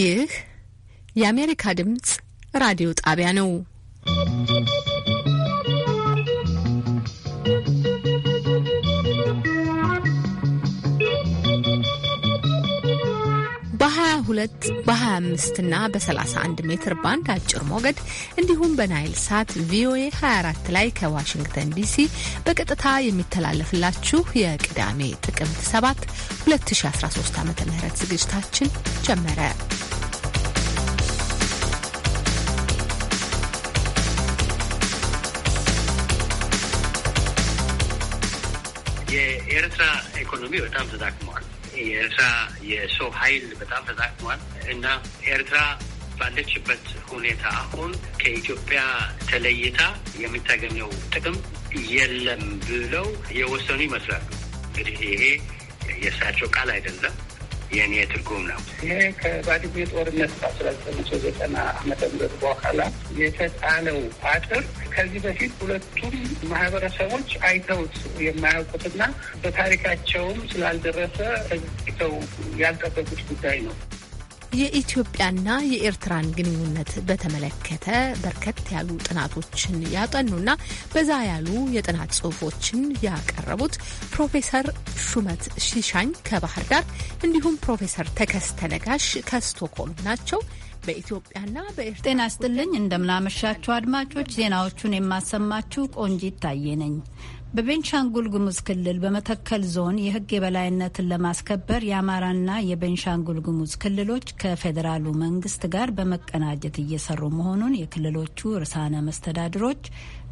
ይህ የአሜሪካ ድምፅ ራዲዮ ጣቢያ ነው። በ22 በ25 እና በ31 ሜትር ባንድ አጭር ሞገድ እንዲሁም በናይል ሳት ቪኦኤ 24 ላይ ከዋሽንግተን ዲሲ በቀጥታ የሚተላለፍላችሁ የቅዳሜ ጥቅምት 7 2013 ዓ ም ዝግጅታችን ጀመረ። የኤርትራ ኢኮኖሚ በጣም ተዳክመዋል። የኤርትራ የሰው ኃይል በጣም ተዳክመዋል እና ኤርትራ ባለችበት ሁኔታ አሁን ከኢትዮጵያ ተለይታ የምታገኘው ጥቅም የለም ብለው የወሰኑ ይመስላሉ። እንግዲህ ይሄ የእሳቸው ቃል አይደለም። የእኔ ትርጉም ነው። ይሄ ከባድሜ ጦርነት በአስራ ዘጠኝ መቶ ዘጠና ዓመተ ምህረት በኋላ የተጣለው አጥር ከዚህ በፊት ሁለቱም ማህበረሰቦች አይተውት የማያውቁትና በታሪካቸውም ስላልደረሰ ተው ያልጠበቁት ጉዳይ ነው። የኢትዮጵያና የኤርትራን ግንኙነት በተመለከተ በርከት ያሉ ጥናቶችን ያጠኑና በዛ ያሉ የጥናት ጽሁፎችን ያቀረቡት ፕሮፌሰር ሹመት ሺሻኝ ከባህር ዳር እንዲሁም ፕሮፌሰር ተከስተ ነጋሽ ከስቶኮልም ናቸው። በኢትዮጵያና በኤርትራ ጤና ይስጥልኝ። እንደምናመሻችሁ አድማጮች ዜናዎቹን የማሰማችሁ ቆንጂት ታዬ ነኝ። በቤንሻንጉል ጉሙዝ ክልል በመተከል ዞን የሕግ የበላይነትን ለማስከበር የአማራና የቤንሻንጉል ጉሙዝ ክልሎች ከፌዴራሉ መንግስት ጋር በመቀናጀት እየሰሩ መሆኑን የክልሎቹ ርዕሳነ መስተዳድሮች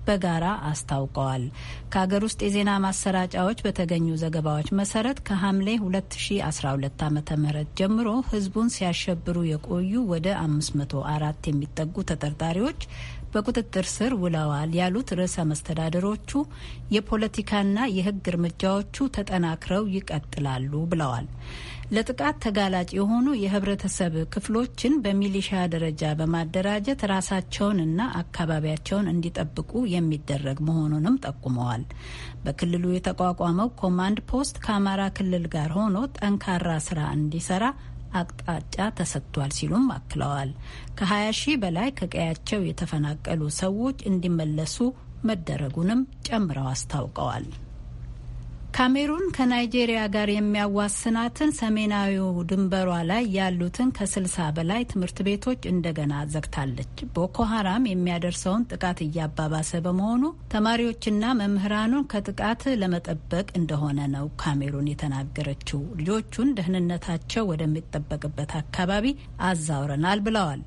በጋራ አስታውቀዋል። ከሀገር ውስጥ የዜና ማሰራጫዎች በተገኙ ዘገባዎች መሰረት ከሐምሌ 2012 ዓ ም ጀምሮ ህዝቡን ሲያሸብሩ የቆዩ ወደ 504 የሚጠጉ ተጠርጣሪዎች በቁጥጥር ስር ውለዋል ያሉት ርዕሰ መስተዳደሮቹ የፖለቲካና የሕግ እርምጃዎቹ ተጠናክረው ይቀጥላሉ ብለዋል። ለጥቃት ተጋላጭ የሆኑ የህብረተሰብ ክፍሎችን በሚሊሻ ደረጃ በማደራጀት ራሳቸውንና አካባቢያቸውን እንዲጠብቁ የሚደረግ መሆኑንም ጠቁመዋል። በክልሉ የተቋቋመው ኮማንድ ፖስት ከአማራ ክልል ጋር ሆኖ ጠንካራ ስራ እንዲሰራ አቅጣጫ ተሰጥቷል ሲሉም አክለዋል። ከ20 ሺህ በላይ ከቀያቸው የተፈናቀሉ ሰዎች እንዲመለሱ መደረጉንም ጨምረው አስታውቀዋል። ካሜሩን ከናይጄሪያ ጋር የሚያዋስናትን ሰሜናዊው ድንበሯ ላይ ያሉትን ከስልሳ በላይ ትምህርት ቤቶች እንደገና ዘግታለች። ቦኮ ሀራም የሚያደርሰውን ጥቃት እያባባሰ በመሆኑ ተማሪዎችና መምህራኑን ከጥቃት ለመጠበቅ እንደሆነ ነው ካሜሩን የተናገረችው። ልጆቹን ደህንነታቸው ወደሚጠበቅበት አካባቢ አዛውረናል ብለዋል።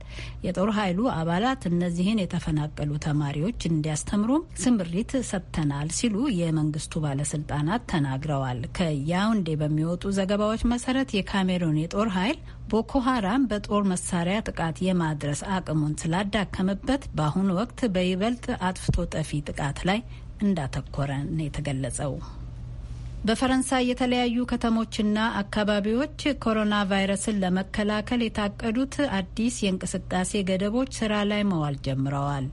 የጦር ኃይሉ አባላት እነዚህን የተፈናቀሉ ተማሪዎች እንዲያስተምሩም ስምሪት ሰጥተናል ሲሉ የመንግስቱ ባለስልጣናት ተናግረዋል። ከያውንዴ በሚወጡ ዘገባዎች መሰረት የካሜሩን የጦር ኃይል ቦኮ ሀራም በጦር መሳሪያ ጥቃት የማድረስ አቅሙን ስላዳከመበት በአሁኑ ወቅት በይበልጥ አጥፍቶ ጠፊ ጥቃት ላይ እንዳተኮረ ነው የተገለጸው። በፈረንሳይ የተለያዩ ከተሞችና አካባቢዎች ኮሮና ቫይረስን ለመከላከል የታቀዱት አዲስ የእንቅስቃሴ ገደቦች ስራ ላይ መዋል ጀምረዋል።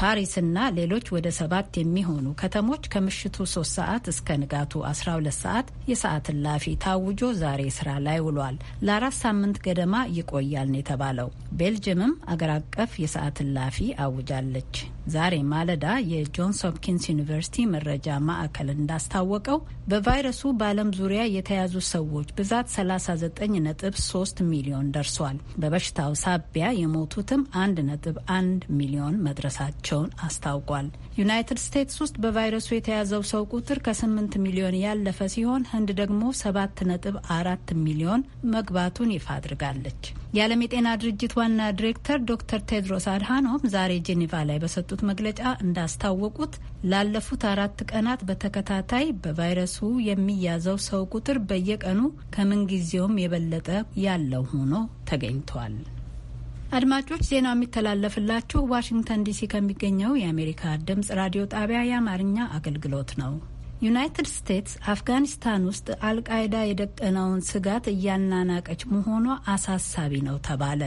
ፓሪስና ሌሎች ወደ ሰባት የሚሆኑ ከተሞች ከምሽቱ ሶስት ሰዓት እስከ ንጋቱ 12 ሰዓት የሰዓት እላፊ ታውጆ ዛሬ ስራ ላይ ውሏል። ለአራት ሳምንት ገደማ ይቆያል ነው የተባለው። ቤልጅየምም አገር አቀፍ የሰዓት እላፊ አውጃለች። ዛሬ ማለዳ የጆንስ ሆፕኪንስ ዩኒቨርሲቲ መረጃ ማዕከል እንዳስታወቀው በቫይረሱ በዓለም ዙሪያ የተያዙ ሰዎች ብዛት 39.3 ሚሊዮን ደርሷል። በበሽታው ሳቢያ የሞቱትም 1.1 ሚሊዮን መድረሳቸውን አስታውቋል። ዩናይትድ ስቴትስ ውስጥ በቫይረሱ የተያዘው ሰው ቁጥር ከ8 ሚሊዮን ያለፈ ሲሆን ህንድ ደግሞ 7.4 ሚሊዮን መግባቱን ይፋ አድርጋለች። የዓለም የጤና ድርጅት ዋና ዲሬክተር ዶክተር ቴድሮስ አድሃኖም ዛሬ ጄኔቫ ላይ በሰጡት መግለጫ እንዳስታወቁት ላለፉት አራት ቀናት በተከታታይ በቫይረሱ የሚያዘው ሰው ቁጥር በየቀኑ ከምንጊዜውም የበለጠ ያለው ሆኖ ተገኝቷል። አድማጮች ዜናው የሚተላለፍላችሁ ዋሽንግተን ዲሲ ከሚገኘው የአሜሪካ ድምጽ ራዲዮ ጣቢያ የአማርኛ አገልግሎት ነው። ዩናይትድ ስቴትስ አፍጋኒስታን ውስጥ አልቃይዳ የደቀነውን ስጋት እያናናቀች መሆኗ አሳሳቢ ነው ተባለ።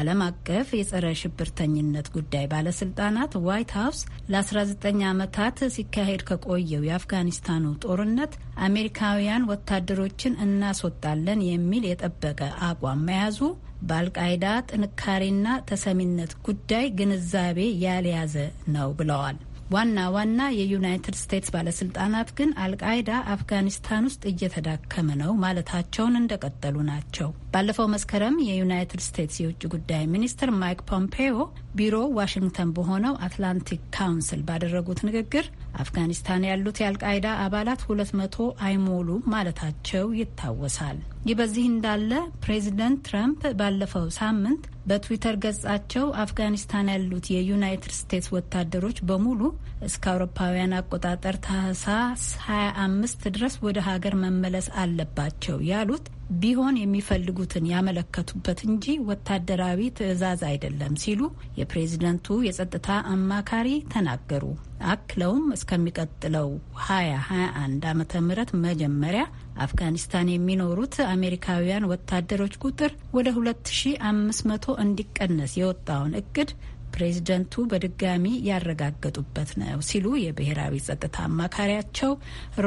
ዓለም አቀፍ የጸረ ሽብርተኝነት ጉዳይ ባለስልጣናት ዋይት ሀውስ ለ19 ዓመታት ሲካሄድ ከቆየው የአፍጋኒስታኑ ጦርነት አሜሪካውያን ወታደሮችን እናስወጣለን የሚል የጠበቀ አቋም መያዙ በአልቃይዳ ጥንካሬና ተሰሚነት ጉዳይ ግንዛቤ ያልያዘ ነው ብለዋል። ዋና ዋና የዩናይትድ ስቴትስ ባለስልጣናት ግን አልቃይዳ አፍጋኒስታን ውስጥ እየተዳከመ ነው ማለታቸውን እንደቀጠሉ ናቸው። ባለፈው መስከረም የዩናይትድ ስቴትስ የውጭ ጉዳይ ሚኒስትር ማይክ ፖምፔዮ ቢሮ ዋሽንግተን በሆነው አትላንቲክ ካውንስል ባደረጉት ንግግር አፍጋኒስታን ያሉት የአልቃይዳ አባላት ሁለት መቶ አይሞሉም ማለታቸው ይታወሳል። ይህ በዚህ እንዳለ ፕሬዚደንት ትራምፕ ባለፈው ሳምንት በትዊተር ገጻቸው አፍጋኒስታን ያሉት የዩናይትድ ስቴትስ ወታደሮች በሙሉ እስከ አውሮፓውያን አቆጣጠር ታህሳስ 25 ድረስ ወደ ሀገር መመለስ አለባቸው ያሉት ቢሆን የሚፈልጉትን ያመለከቱበት እንጂ ወታደራዊ ትዕዛዝ አይደለም ሲሉ የፕሬዝደንቱ የጸጥታ አማካሪ ተናገሩ። አክለውም እስከሚቀጥለው 2021 ዓመተ ምህረት መጀመሪያ አፍጋኒስታን የሚኖሩት አሜሪካውያን ወታደሮች ቁጥር ወደ 2500 እንዲቀነስ የወጣውን እቅድ ፕሬዝደንቱ በድጋሚ ያረጋገጡበት ነው ሲሉ የብሔራዊ ጸጥታ አማካሪያቸው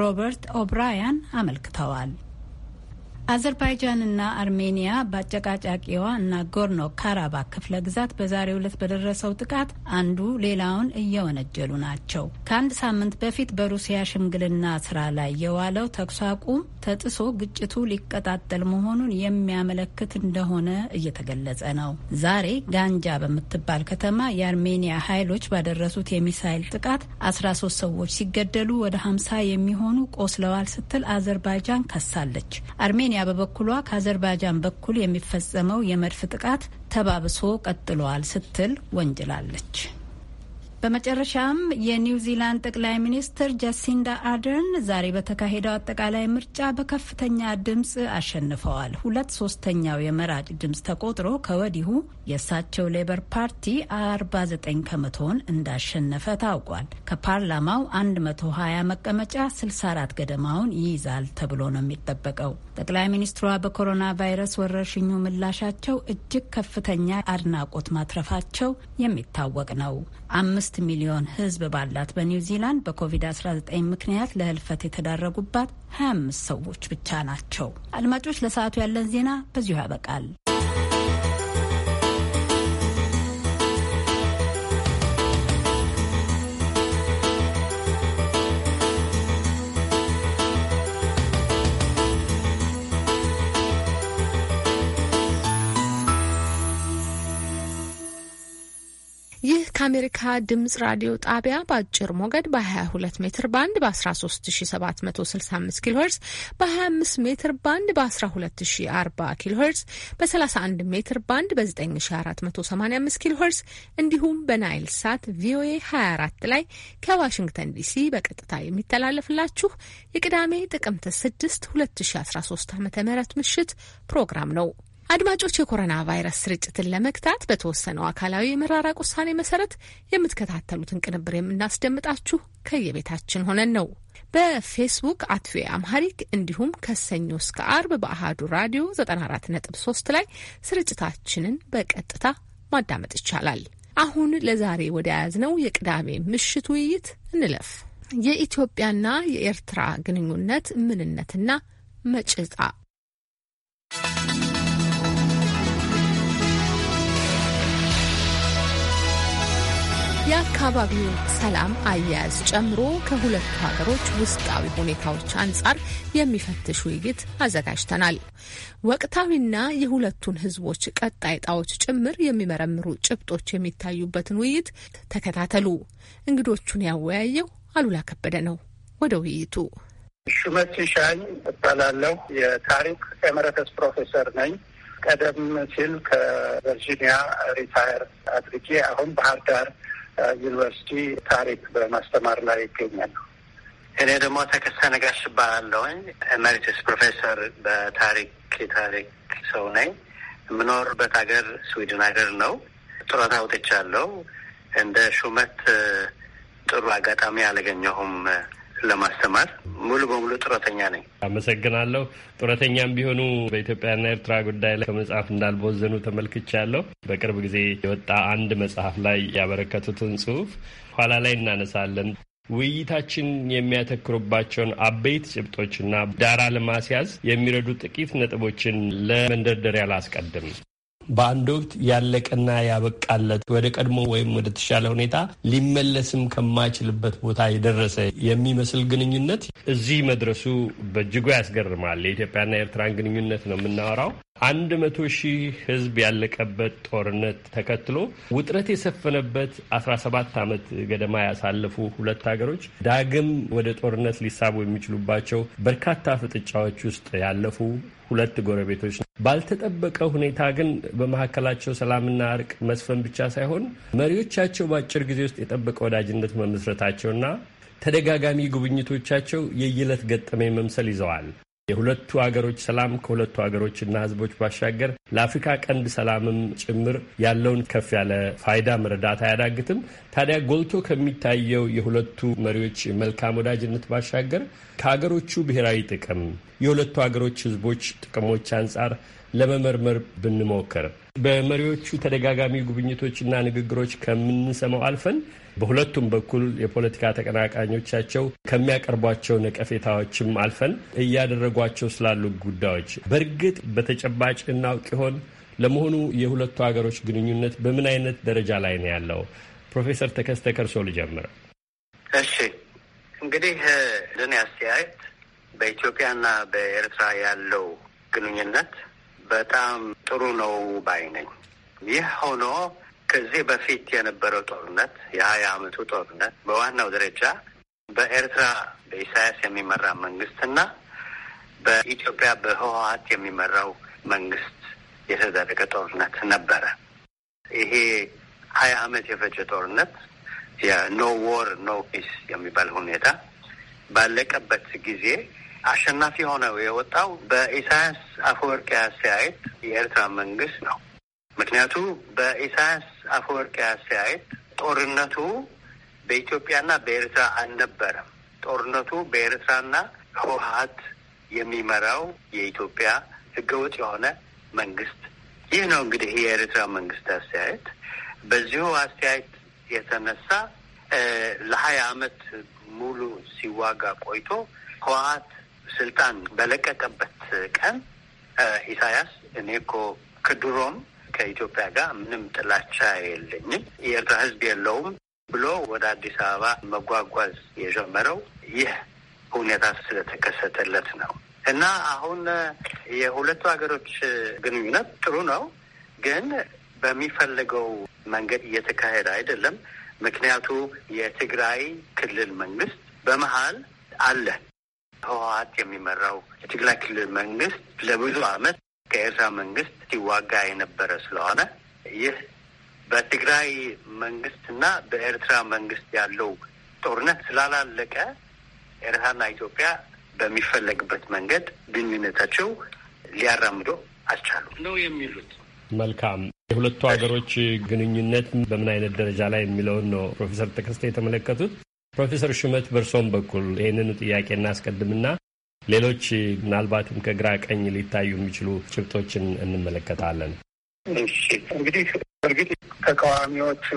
ሮበርት ኦብራያን አመልክተዋል። አዘርባይጃንና አርሜኒያ በአጨቃጫቂዋ ናጎርኖ ካራባክ ክፍለ ግዛት በዛሬው ዕለት በደረሰው ጥቃት አንዱ ሌላውን እየወነጀሉ ናቸው። ከአንድ ሳምንት በፊት በሩሲያ ሽምግልና ስራ ላይ የዋለው ተኩስ አቁም ተጥሶ ግጭቱ ሊቀጣጠል መሆኑን የሚያመለክት እንደሆነ እየተገለጸ ነው። ዛሬ ጋንጃ በምትባል ከተማ የአርሜኒያ ኃይሎች ባደረሱት የሚሳይል ጥቃት 13 ሰዎች ሲገደሉ ወደ 50 የሚሆኑ ቆስለዋል ስትል አዘርባይጃን ከሳለች። አርሜኒያ በበኩሏ ከአዘርባይጃን በኩል የሚፈጸመው የመድፍ ጥቃት ተባብሶ ቀጥሏል ስትል ወንጅላለች። በመጨረሻም የኒውዚላንድ ጠቅላይ ሚኒስትር ጃሲንዳ አደርን ዛሬ በተካሄደው አጠቃላይ ምርጫ በከፍተኛ ድምፅ አሸንፈዋል። ሁለት ሶስተኛው የመራጭ ድምፅ ተቆጥሮ ከወዲሁ የእሳቸው ሌበር ፓርቲ 49 ከመቶውን እንዳሸነፈ ታውቋል። ከፓርላማው 120 መቀመጫ 64 ገደማውን ይይዛል ተብሎ ነው የሚጠበቀው። ጠቅላይ ሚኒስትሯ በኮሮና ቫይረስ ወረርሽኙ ምላሻቸው እጅግ ከፍተኛ አድናቆት ማትረፋቸው የሚታወቅ ነው። አምስት አምስት ሚሊዮን ህዝብ ባላት በኒውዚላንድ በኮቪድ-19 ምክንያት ለህልፈት የተዳረጉባት 25 ሰዎች ብቻ ናቸው። አድማጮች፣ ለሰዓቱ ያለን ዜና በዚሁ ያበቃል። ከአሜሪካ ድምጽ ራዲዮ ጣቢያ በአጭር ሞገድ በ22 ሜትር ባንድ በ13765 ኪሎ ሄርዝ በ25 ሜትር ባንድ በ1240 ኪሎ ሄርዝ በ31 ሜትር ባንድ በ9485 ኪሎ ሄርዝ እንዲሁም በናይል ሳት ቪኦኤ 24 ላይ ከዋሽንግተን ዲሲ በቀጥታ የሚተላለፍላችሁ የቅዳሜ ጥቅምት 6 2013 ዓ ም ምሽት ፕሮግራም ነው። አድማጮች የኮሮና ቫይረስ ስርጭትን ለመግታት በተወሰነው አካላዊ የመራራቅ ውሳኔ መሰረት የምትከታተሉትን ቅንብር የምናስደምጣችሁ ከየቤታችን ሆነን ነው። በፌስቡክ አት ቪኦኤ አምሃሪክ እንዲሁም ከሰኞ እስከ አርብ በአህዱ ራዲዮ 94.3 ላይ ስርጭታችንን በቀጥታ ማዳመጥ ይቻላል። አሁን ለዛሬ ወደ ያዝነው የቅዳሜ ምሽት ውይይት እንለፍ። የኢትዮጵያና የኤርትራ ግንኙነት ምንነትና መጭጣ የአካባቢውን ሰላም አያያዝ ጨምሮ ከሁለቱ ሀገሮች ውስጣዊ ሁኔታዎች አንጻር የሚፈትሽ ውይይት አዘጋጅተናል። ወቅታዊና የሁለቱን ህዝቦች ቀጣይ ጣዎች ጭምር የሚመረምሩ ጭብጦች የሚታዩበትን ውይይት ተከታተሉ። እንግዶቹን ያወያየው አሉላ ከበደ ነው። ወደ ውይይቱ ሹመት ሻኝ እባላለሁ። የታሪክ ኤምረተስ ፕሮፌሰር ነኝ። ቀደም ሲል ከቨርጂኒያ ሪታየር አድርጌ አሁን ባህር ዳር ዩኒቨርሲቲ ታሪክ በማስተማር ላይ ይገኛሉ። እኔ ደግሞ ተከስተ ነጋሽ እባላለሁኝ። ኤሜሪትስ ፕሮፌሰር በታሪክ የታሪክ ሰው ነኝ። የምኖርበት ሀገር ስዊድን ሀገር ነው። ጡረታ አውጥቻለሁ። እንደ ሹመት ጥሩ አጋጣሚ አላገኘሁም። ለማስተማር ሙሉ በሙሉ ጡረተኛ ነኝ። አመሰግናለሁ። ጡረተኛም ቢሆኑ በኢትዮጵያና ኤርትራ ጉዳይ ላይ ከመጽሐፍ እንዳልቦዘኑ ተመልክቻለሁ። በቅርብ ጊዜ የወጣ አንድ መጽሐፍ ላይ ያበረከቱትን ጽሁፍ ኋላ ላይ እናነሳለን። ውይይታችን የሚያተክሩባቸውን አበይት ጭብጦችና ዳራ ለማስያዝ የሚረዱ ጥቂት ነጥቦችን ለመንደርደሪያ ላስቀድም። በአንድ ወቅት ያለቀና ያበቃለት ወደ ቀድሞ ወይም ወደ ተሻለ ሁኔታ ሊመለስም ከማይችልበት ቦታ የደረሰ የሚመስል ግንኙነት እዚህ መድረሱ በእጅጉ ያስገርማል። የኢትዮጵያና የኤርትራን ግንኙነት ነው የምናወራው። አንድ መቶ ሺህ ሕዝብ ያለቀበት ጦርነት ተከትሎ ውጥረት የሰፈነበት አስራ ሰባት ዓመት ገደማ ያሳለፉ ሁለት ሀገሮች ዳግም ወደ ጦርነት ሊሳቡ የሚችሉባቸው በርካታ ፍጥጫዎች ውስጥ ያለፉ ሁለት ጎረቤቶች ባልተጠበቀ ሁኔታ ግን በመካከላቸው ሰላምና እርቅ መስፈን ብቻ ሳይሆን መሪዎቻቸው በአጭር ጊዜ ውስጥ የጠበቀ ወዳጅነት መመስረታቸውና ተደጋጋሚ ጉብኝቶቻቸው የየዕለት ገጠመኝ መምሰል ይዘዋል። የሁለቱ ሀገሮች ሰላም ከሁለቱ ሀገሮችና ህዝቦች ባሻገር ለአፍሪካ ቀንድ ሰላምም ጭምር ያለውን ከፍ ያለ ፋይዳ መረዳት አያዳግትም። ታዲያ ጎልቶ ከሚታየው የሁለቱ መሪዎች መልካም ወዳጅነት ባሻገር ከሀገሮቹ ብሔራዊ ጥቅም የሁለቱ ሀገሮች ህዝቦች ጥቅሞች አንጻር ለመመርመር ብንሞክር በመሪዎቹ ተደጋጋሚ ጉብኝቶችና ንግግሮች ከምንሰማው አልፈን በሁለቱም በኩል የፖለቲካ ተቀናቃኞቻቸው ከሚያቀርቧቸው ነቀፌታዎችም አልፈን እያደረጓቸው ስላሉ ጉዳዮች በእርግጥ በተጨባጭ እናውቅ ይሆን? ለመሆኑ የሁለቱ ሀገሮች ግንኙነት በምን አይነት ደረጃ ላይ ነው ያለው? ፕሮፌሰር ተከስተ ከርሶ ልጀምር። እሺ እንግዲህ ለእኔ አስተያየት በኢትዮጵያና በኤርትራ ያለው ግንኙነት በጣም ጥሩ ነው ባይ ነኝ። ይህ ሆኖ ከዚህ በፊት የነበረው ጦርነት የሀያ አመቱ ጦርነት በዋናው ደረጃ በኤርትራ በኢሳያስ የሚመራ መንግስትና በኢትዮጵያ በህወሀት የሚመራው መንግስት የተደረገ ጦርነት ነበረ። ይሄ ሀያ አመት የፈጀ ጦርነት የኖ ዎር ኖ ፒስ የሚባል ሁኔታ ባለቀበት ጊዜ አሸናፊ ሆነው የወጣው በኢሳያስ አፈወርቂ አስተያየት የኤርትራ መንግስት ነው። ምክንያቱ በኢሳያስ አፈወርቂ አስተያየት ጦርነቱ በኢትዮጵያና በኤርትራ አልነበረም። ጦርነቱ በኤርትራና ህወሀት የሚመራው የኢትዮጵያ ህገወጥ የሆነ መንግስት ይህ ነው እንግዲህ የኤርትራ መንግስት አስተያየት። በዚሁ አስተያየት የተነሳ ለሀያ አመት ሙሉ ሲዋጋ ቆይቶ ህወሀት ስልጣን በለቀቀበት ቀን ኢሳያስ እኔ እኮ ከድሮም ከኢትዮጵያ ጋር ምንም ጥላቻ የለኝም፣ የኤርትራ ህዝብ የለውም ብሎ ወደ አዲስ አበባ መጓጓዝ የጀመረው ይህ ሁኔታ ስለተከሰተለት ነው እና አሁን የሁለቱ ሀገሮች ግንኙነት ጥሩ ነው፣ ግን በሚፈልገው መንገድ እየተካሄደ አይደለም። ምክንያቱ የትግራይ ክልል መንግስት በመሀል አለ። ህወሀት የሚመራው የትግራይ ክልል መንግስት ለብዙ አመት ። ከኤርትራ መንግስት ሲዋጋ የነበረ ስለሆነ ይህ በትግራይ መንግስትና በኤርትራ መንግስት ያለው ጦርነት ስላላለቀ ኤርትራና ኢትዮጵያ በሚፈለግበት መንገድ ግንኙነታቸው ሊያራምዶ አልቻሉ ነው የሚሉት። መልካም የሁለቱ ሀገሮች ግንኙነት በምን አይነት ደረጃ ላይ የሚለውን ነው ፕሮፌሰር ተከስተ የተመለከቱት። ፕሮፌሰር ሹመት በእርሶም በኩል ይህንኑ ጥያቄ እናስቀድምና ሌሎች ምናልባትም ከግራ ቀኝ ሊታዩ የሚችሉ ጭብጦችን እንመለከታለን። እሺ እንግዲህ እርግጥ ተቃዋሚዎቹ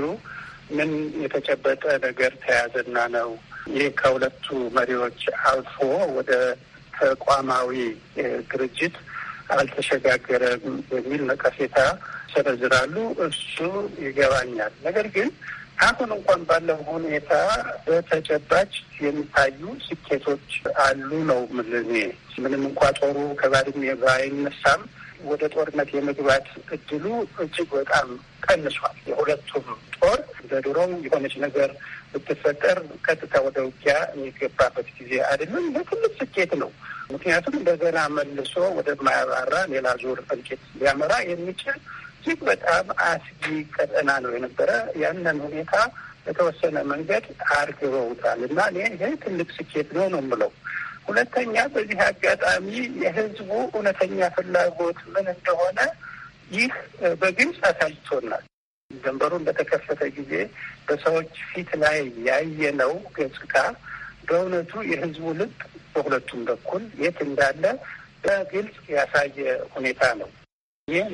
ምን የተጨበጠ ነገር ተያዘና ነው ይህ ከሁለቱ መሪዎች አልፎ ወደ ተቋማዊ ድርጅት አልተሸጋገረም የሚል ነቀፌታ ሰነዝራሉ። እሱ ይገባኛል። ነገር ግን አሁን እንኳን ባለው ሁኔታ በተጨባጭ የሚታዩ ስኬቶች አሉ ነው ምልኔ። ምንም እንኳ ጦሩ ከባድሜ ባይነሳም ወደ ጦርነት የመግባት እድሉ እጅግ በጣም ቀንሷል። የሁለቱም ጦር በድሮው የሆነች ነገር ብትፈጠር ቀጥታ ወደ ውጊያ የሚገባበት ጊዜ አይደለም። ለትልቅ ስኬት ነው። ምክንያቱም እንደገና መልሶ ወደማያባራ ሌላ ዙር እልቂት ሊያመራ የሚችል እጅግ በጣም አስጊ ቀጠና ነው የነበረ። ያንን ሁኔታ በተወሰነ መንገድ አርግበውታል እና እኔ ይሄ ትልቅ ስኬት ነው ነው የምለው። ሁለተኛ በዚህ አጋጣሚ የህዝቡ እውነተኛ ፍላጎት ምን እንደሆነ ይህ በግልጽ አሳይቶናል። ድንበሩን በተከፈተ ጊዜ በሰዎች ፊት ላይ ያየነው ገጽታ በእውነቱ የህዝቡ ልብ በሁለቱም በኩል የት እንዳለ በግልጽ ያሳየ ሁኔታ ነው። ይህ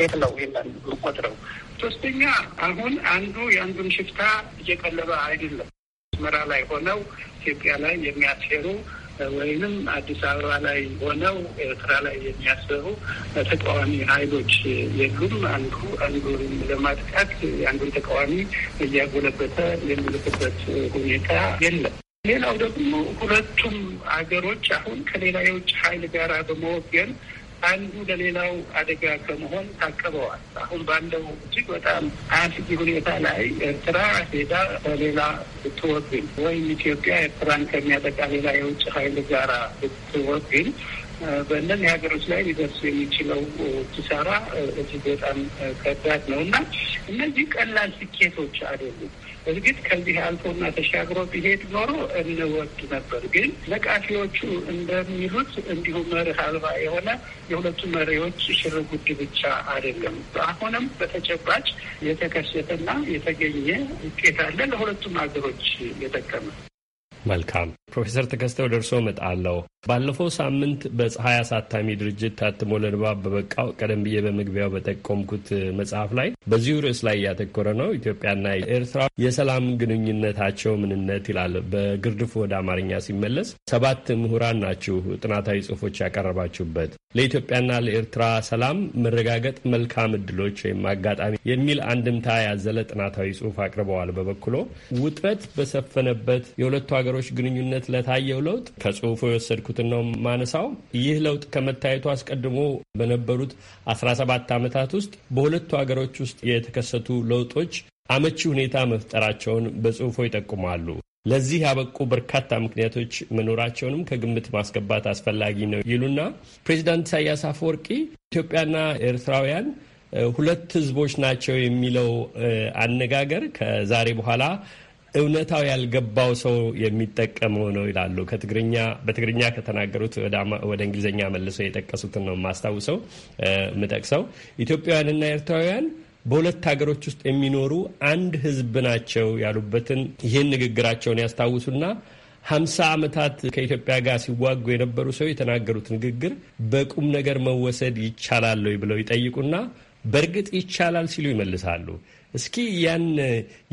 እንደ ነው የምቆጥረው። ሶስተኛ አሁን አንዱ የአንዱን ሽፍታ እየቀለበ አይደለም። አስመራ ላይ ሆነው ኢትዮጵያ ላይ የሚያስሄሩ ወይንም አዲስ አበባ ላይ ሆነው ኤርትራ ላይ የሚያሰሩ ተቃዋሚ ኃይሎች የሉም። አንዱ አንዱን ለማጥቃት አንዱን ተቃዋሚ እያጎለበተ የሚልክበት ሁኔታ የለም። ሌላው ደግሞ ሁለቱም ሀገሮች አሁን ከሌላ የውጭ ኃይል ጋር በመወገን አንዱ ለሌላው አደጋ ከመሆን ታቅበዋል። አሁን ባለው እጅግ በጣም አስጊ ሁኔታ ላይ ኤርትራ ሄዳ ከሌላ ብትወግን ወይም ኢትዮጵያ ኤርትራን ከሚያጠቃ ሌላ የውጭ ኃይል ጋራ ብትወግን በእነዚህ ሀገሮች ላይ ሊደርሱ የሚችለው ኪሳራ እጅግ በጣም ከባድ ነው እና እነዚህ ቀላል ስኬቶች አይደሉም። እርግጥ ከዚህ አልፎና ተሻግሮ ቢሄድ ኖሮ እንወድ ነበር። ግን ነቃፊዎቹ እንደሚሉት እንዲሁ መርህ አልባ የሆነ የሁለቱ መሪዎች ሽርጉድ ብቻ አይደለም። አሁንም በተጨባጭ የተከሰተና የተገኘ ውጤት አለ፣ ለሁለቱም ሀገሮች የጠቀመ መልካም ፕሮፌሰር ተከስተው ደርሶ እመጣለሁ። ባለፈው ሳምንት በፀሐይ አሳታሚ ድርጅት ታትሞ ለንባብ በበቃው ቀደም ብዬ በመግቢያው በጠቆምኩት መጽሐፍ ላይ በዚሁ ርዕስ ላይ እያተኮረ ነው። ኢትዮጵያና ኤርትራ የሰላም ግንኙነታቸው ምንነት ይላል በግርድፉ ወደ አማርኛ ሲመለስ። ሰባት ምሁራን ናችሁ ጥናታዊ ጽሁፎች ያቀረባችሁበት ለኢትዮጵያና ለኤርትራ ሰላም መረጋገጥ መልካም እድሎች ወይም አጋጣሚ የሚል አንድምታ ያዘለ ጥናታዊ ጽሑፍ አቅርበዋል። በበኩሎ ውጥረት በሰፈነበት የሁለቱ ሀገሮች ግንኙነት ለታየው ለውጥ ከጽሁፉ የወሰድኩትን ነው ማነሳው። ይህ ለውጥ ከመታየቱ አስቀድሞ በነበሩት 17 ዓመታት ውስጥ በሁለቱ ሀገሮች ውስጥ የተከሰቱ ለውጦች አመቺ ሁኔታ መፍጠራቸውን በጽሁፎ ይጠቁማሉ። ለዚህ ያበቁ በርካታ ምክንያቶች መኖራቸውንም ከግምት ማስገባት አስፈላጊ ነው ይሉና ፕሬዚዳንት ኢሳያስ አፈወርቂ ኢትዮጵያና ኤርትራውያን ሁለት ህዝቦች ናቸው የሚለው አነጋገር ከዛሬ በኋላ እውነታው ያልገባው ሰው የሚጠቀመው ነው ይላሉ። ከትግርኛ በትግርኛ ከተናገሩት ወደ እንግሊዝኛ መልሰው የጠቀሱትን ነው የማስታውሰው የምጠቅሰው ኢትዮጵያውያንና ኤርትራውያን በሁለት ሀገሮች ውስጥ የሚኖሩ አንድ ህዝብ ናቸው ያሉበትን ይህን ንግግራቸውን ያስታውሱና ሀምሳ ዓመታት ከኢትዮጵያ ጋር ሲዋጉ የነበሩ ሰው የተናገሩት ንግግር በቁም ነገር መወሰድ ይቻላል ብለው ይጠይቁና በእርግጥ ይቻላል ሲሉ ይመልሳሉ። እስኪ ያን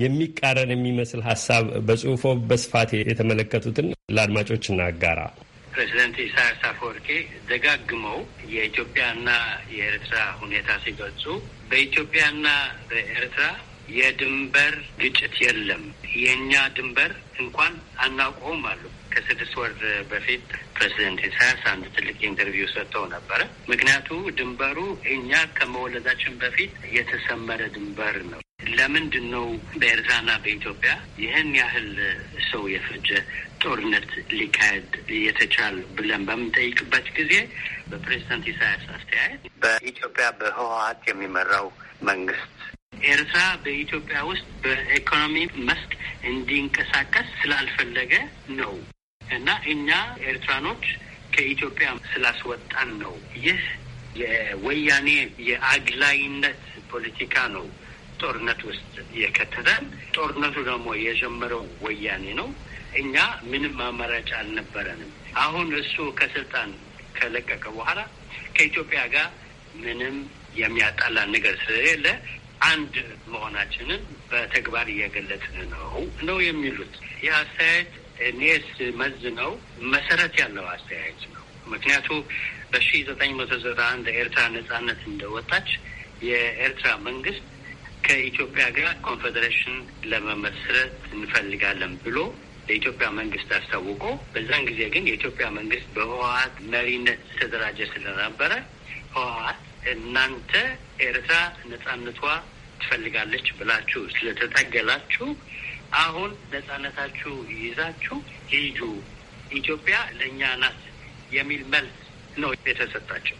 የሚቃረን የሚመስል ሀሳብ በጽሁፎ በስፋት የተመለከቱትን ለአድማጮች እናጋራ። ፕሬዚደንት ኢሳያስ አፈወርቂ ደጋግመው የኢትዮጵያና የኤርትራ ሁኔታ ሲገልጹ በኢትዮጵያና በኤርትራ የድንበር ግጭት የለም፣ የእኛ ድንበር እንኳን አናውቀውም አሉ። ከስድስት ወር በፊት ፕሬዚደንት ኢሳያስ አንድ ትልቅ ኢንተርቪው ሰጥተው ነበረ። ምክንያቱ ድንበሩ እኛ ከመወለዳችን በፊት የተሰመረ ድንበር ነው። ለምንድን ነው በኤርትራና በኢትዮጵያ ይህን ያህል ሰው የፈጀ ጦርነት ሊካሄድ የተቻል ብለን በምንጠይቅበት ጊዜ በፕሬዚዳንት ኢሳያስ አስተያየት በኢትዮጵያ በህወሀት የሚመራው መንግስት ኤርትራ በኢትዮጵያ ውስጥ በኢኮኖሚ መስክ እንዲንቀሳቀስ ስላልፈለገ ነው እና እኛ ኤርትራኖች ከኢትዮጵያ ስላስወጣን ነው። ይህ የወያኔ የአግላይነት ፖለቲካ ነው። ጦርነት ውስጥ የከተተን። ጦርነቱ ደግሞ የጀመረው ወያኔ ነው። እኛ ምንም አማራጭ አልነበረንም። አሁን እሱ ከስልጣን ከለቀቀ በኋላ ከኢትዮጵያ ጋር ምንም የሚያጣላ ነገር ስለሌለ አንድ መሆናችንን በተግባር እየገለጽን ነው ነው የሚሉት። ይህ አስተያየት እኔ ስመዝነው መሰረት ያለው አስተያየት ነው። ምክንያቱ በሺ ዘጠኝ መቶ ዘጠና አንድ ኤርትራ ነጻነት እንደወጣች የኤርትራ መንግስት ከኢትዮጵያ ጋር ኮንፌዴሬሽን ለመመስረት እንፈልጋለን ብሎ ለኢትዮጵያ መንግስት አስታውቆ፣ በዛን ጊዜ ግን የኢትዮጵያ መንግስት በህወሀት መሪነት ተደራጀ ስለነበረ ህወሀት እናንተ ኤርትራ ነጻነቷ ትፈልጋለች ብላችሁ ስለተታገላችሁ አሁን ነጻነታችሁ ይዛችሁ ሂዱ፣ ኢትዮጵያ ለእኛ ናት የሚል መልስ ነው የተሰጣቸው።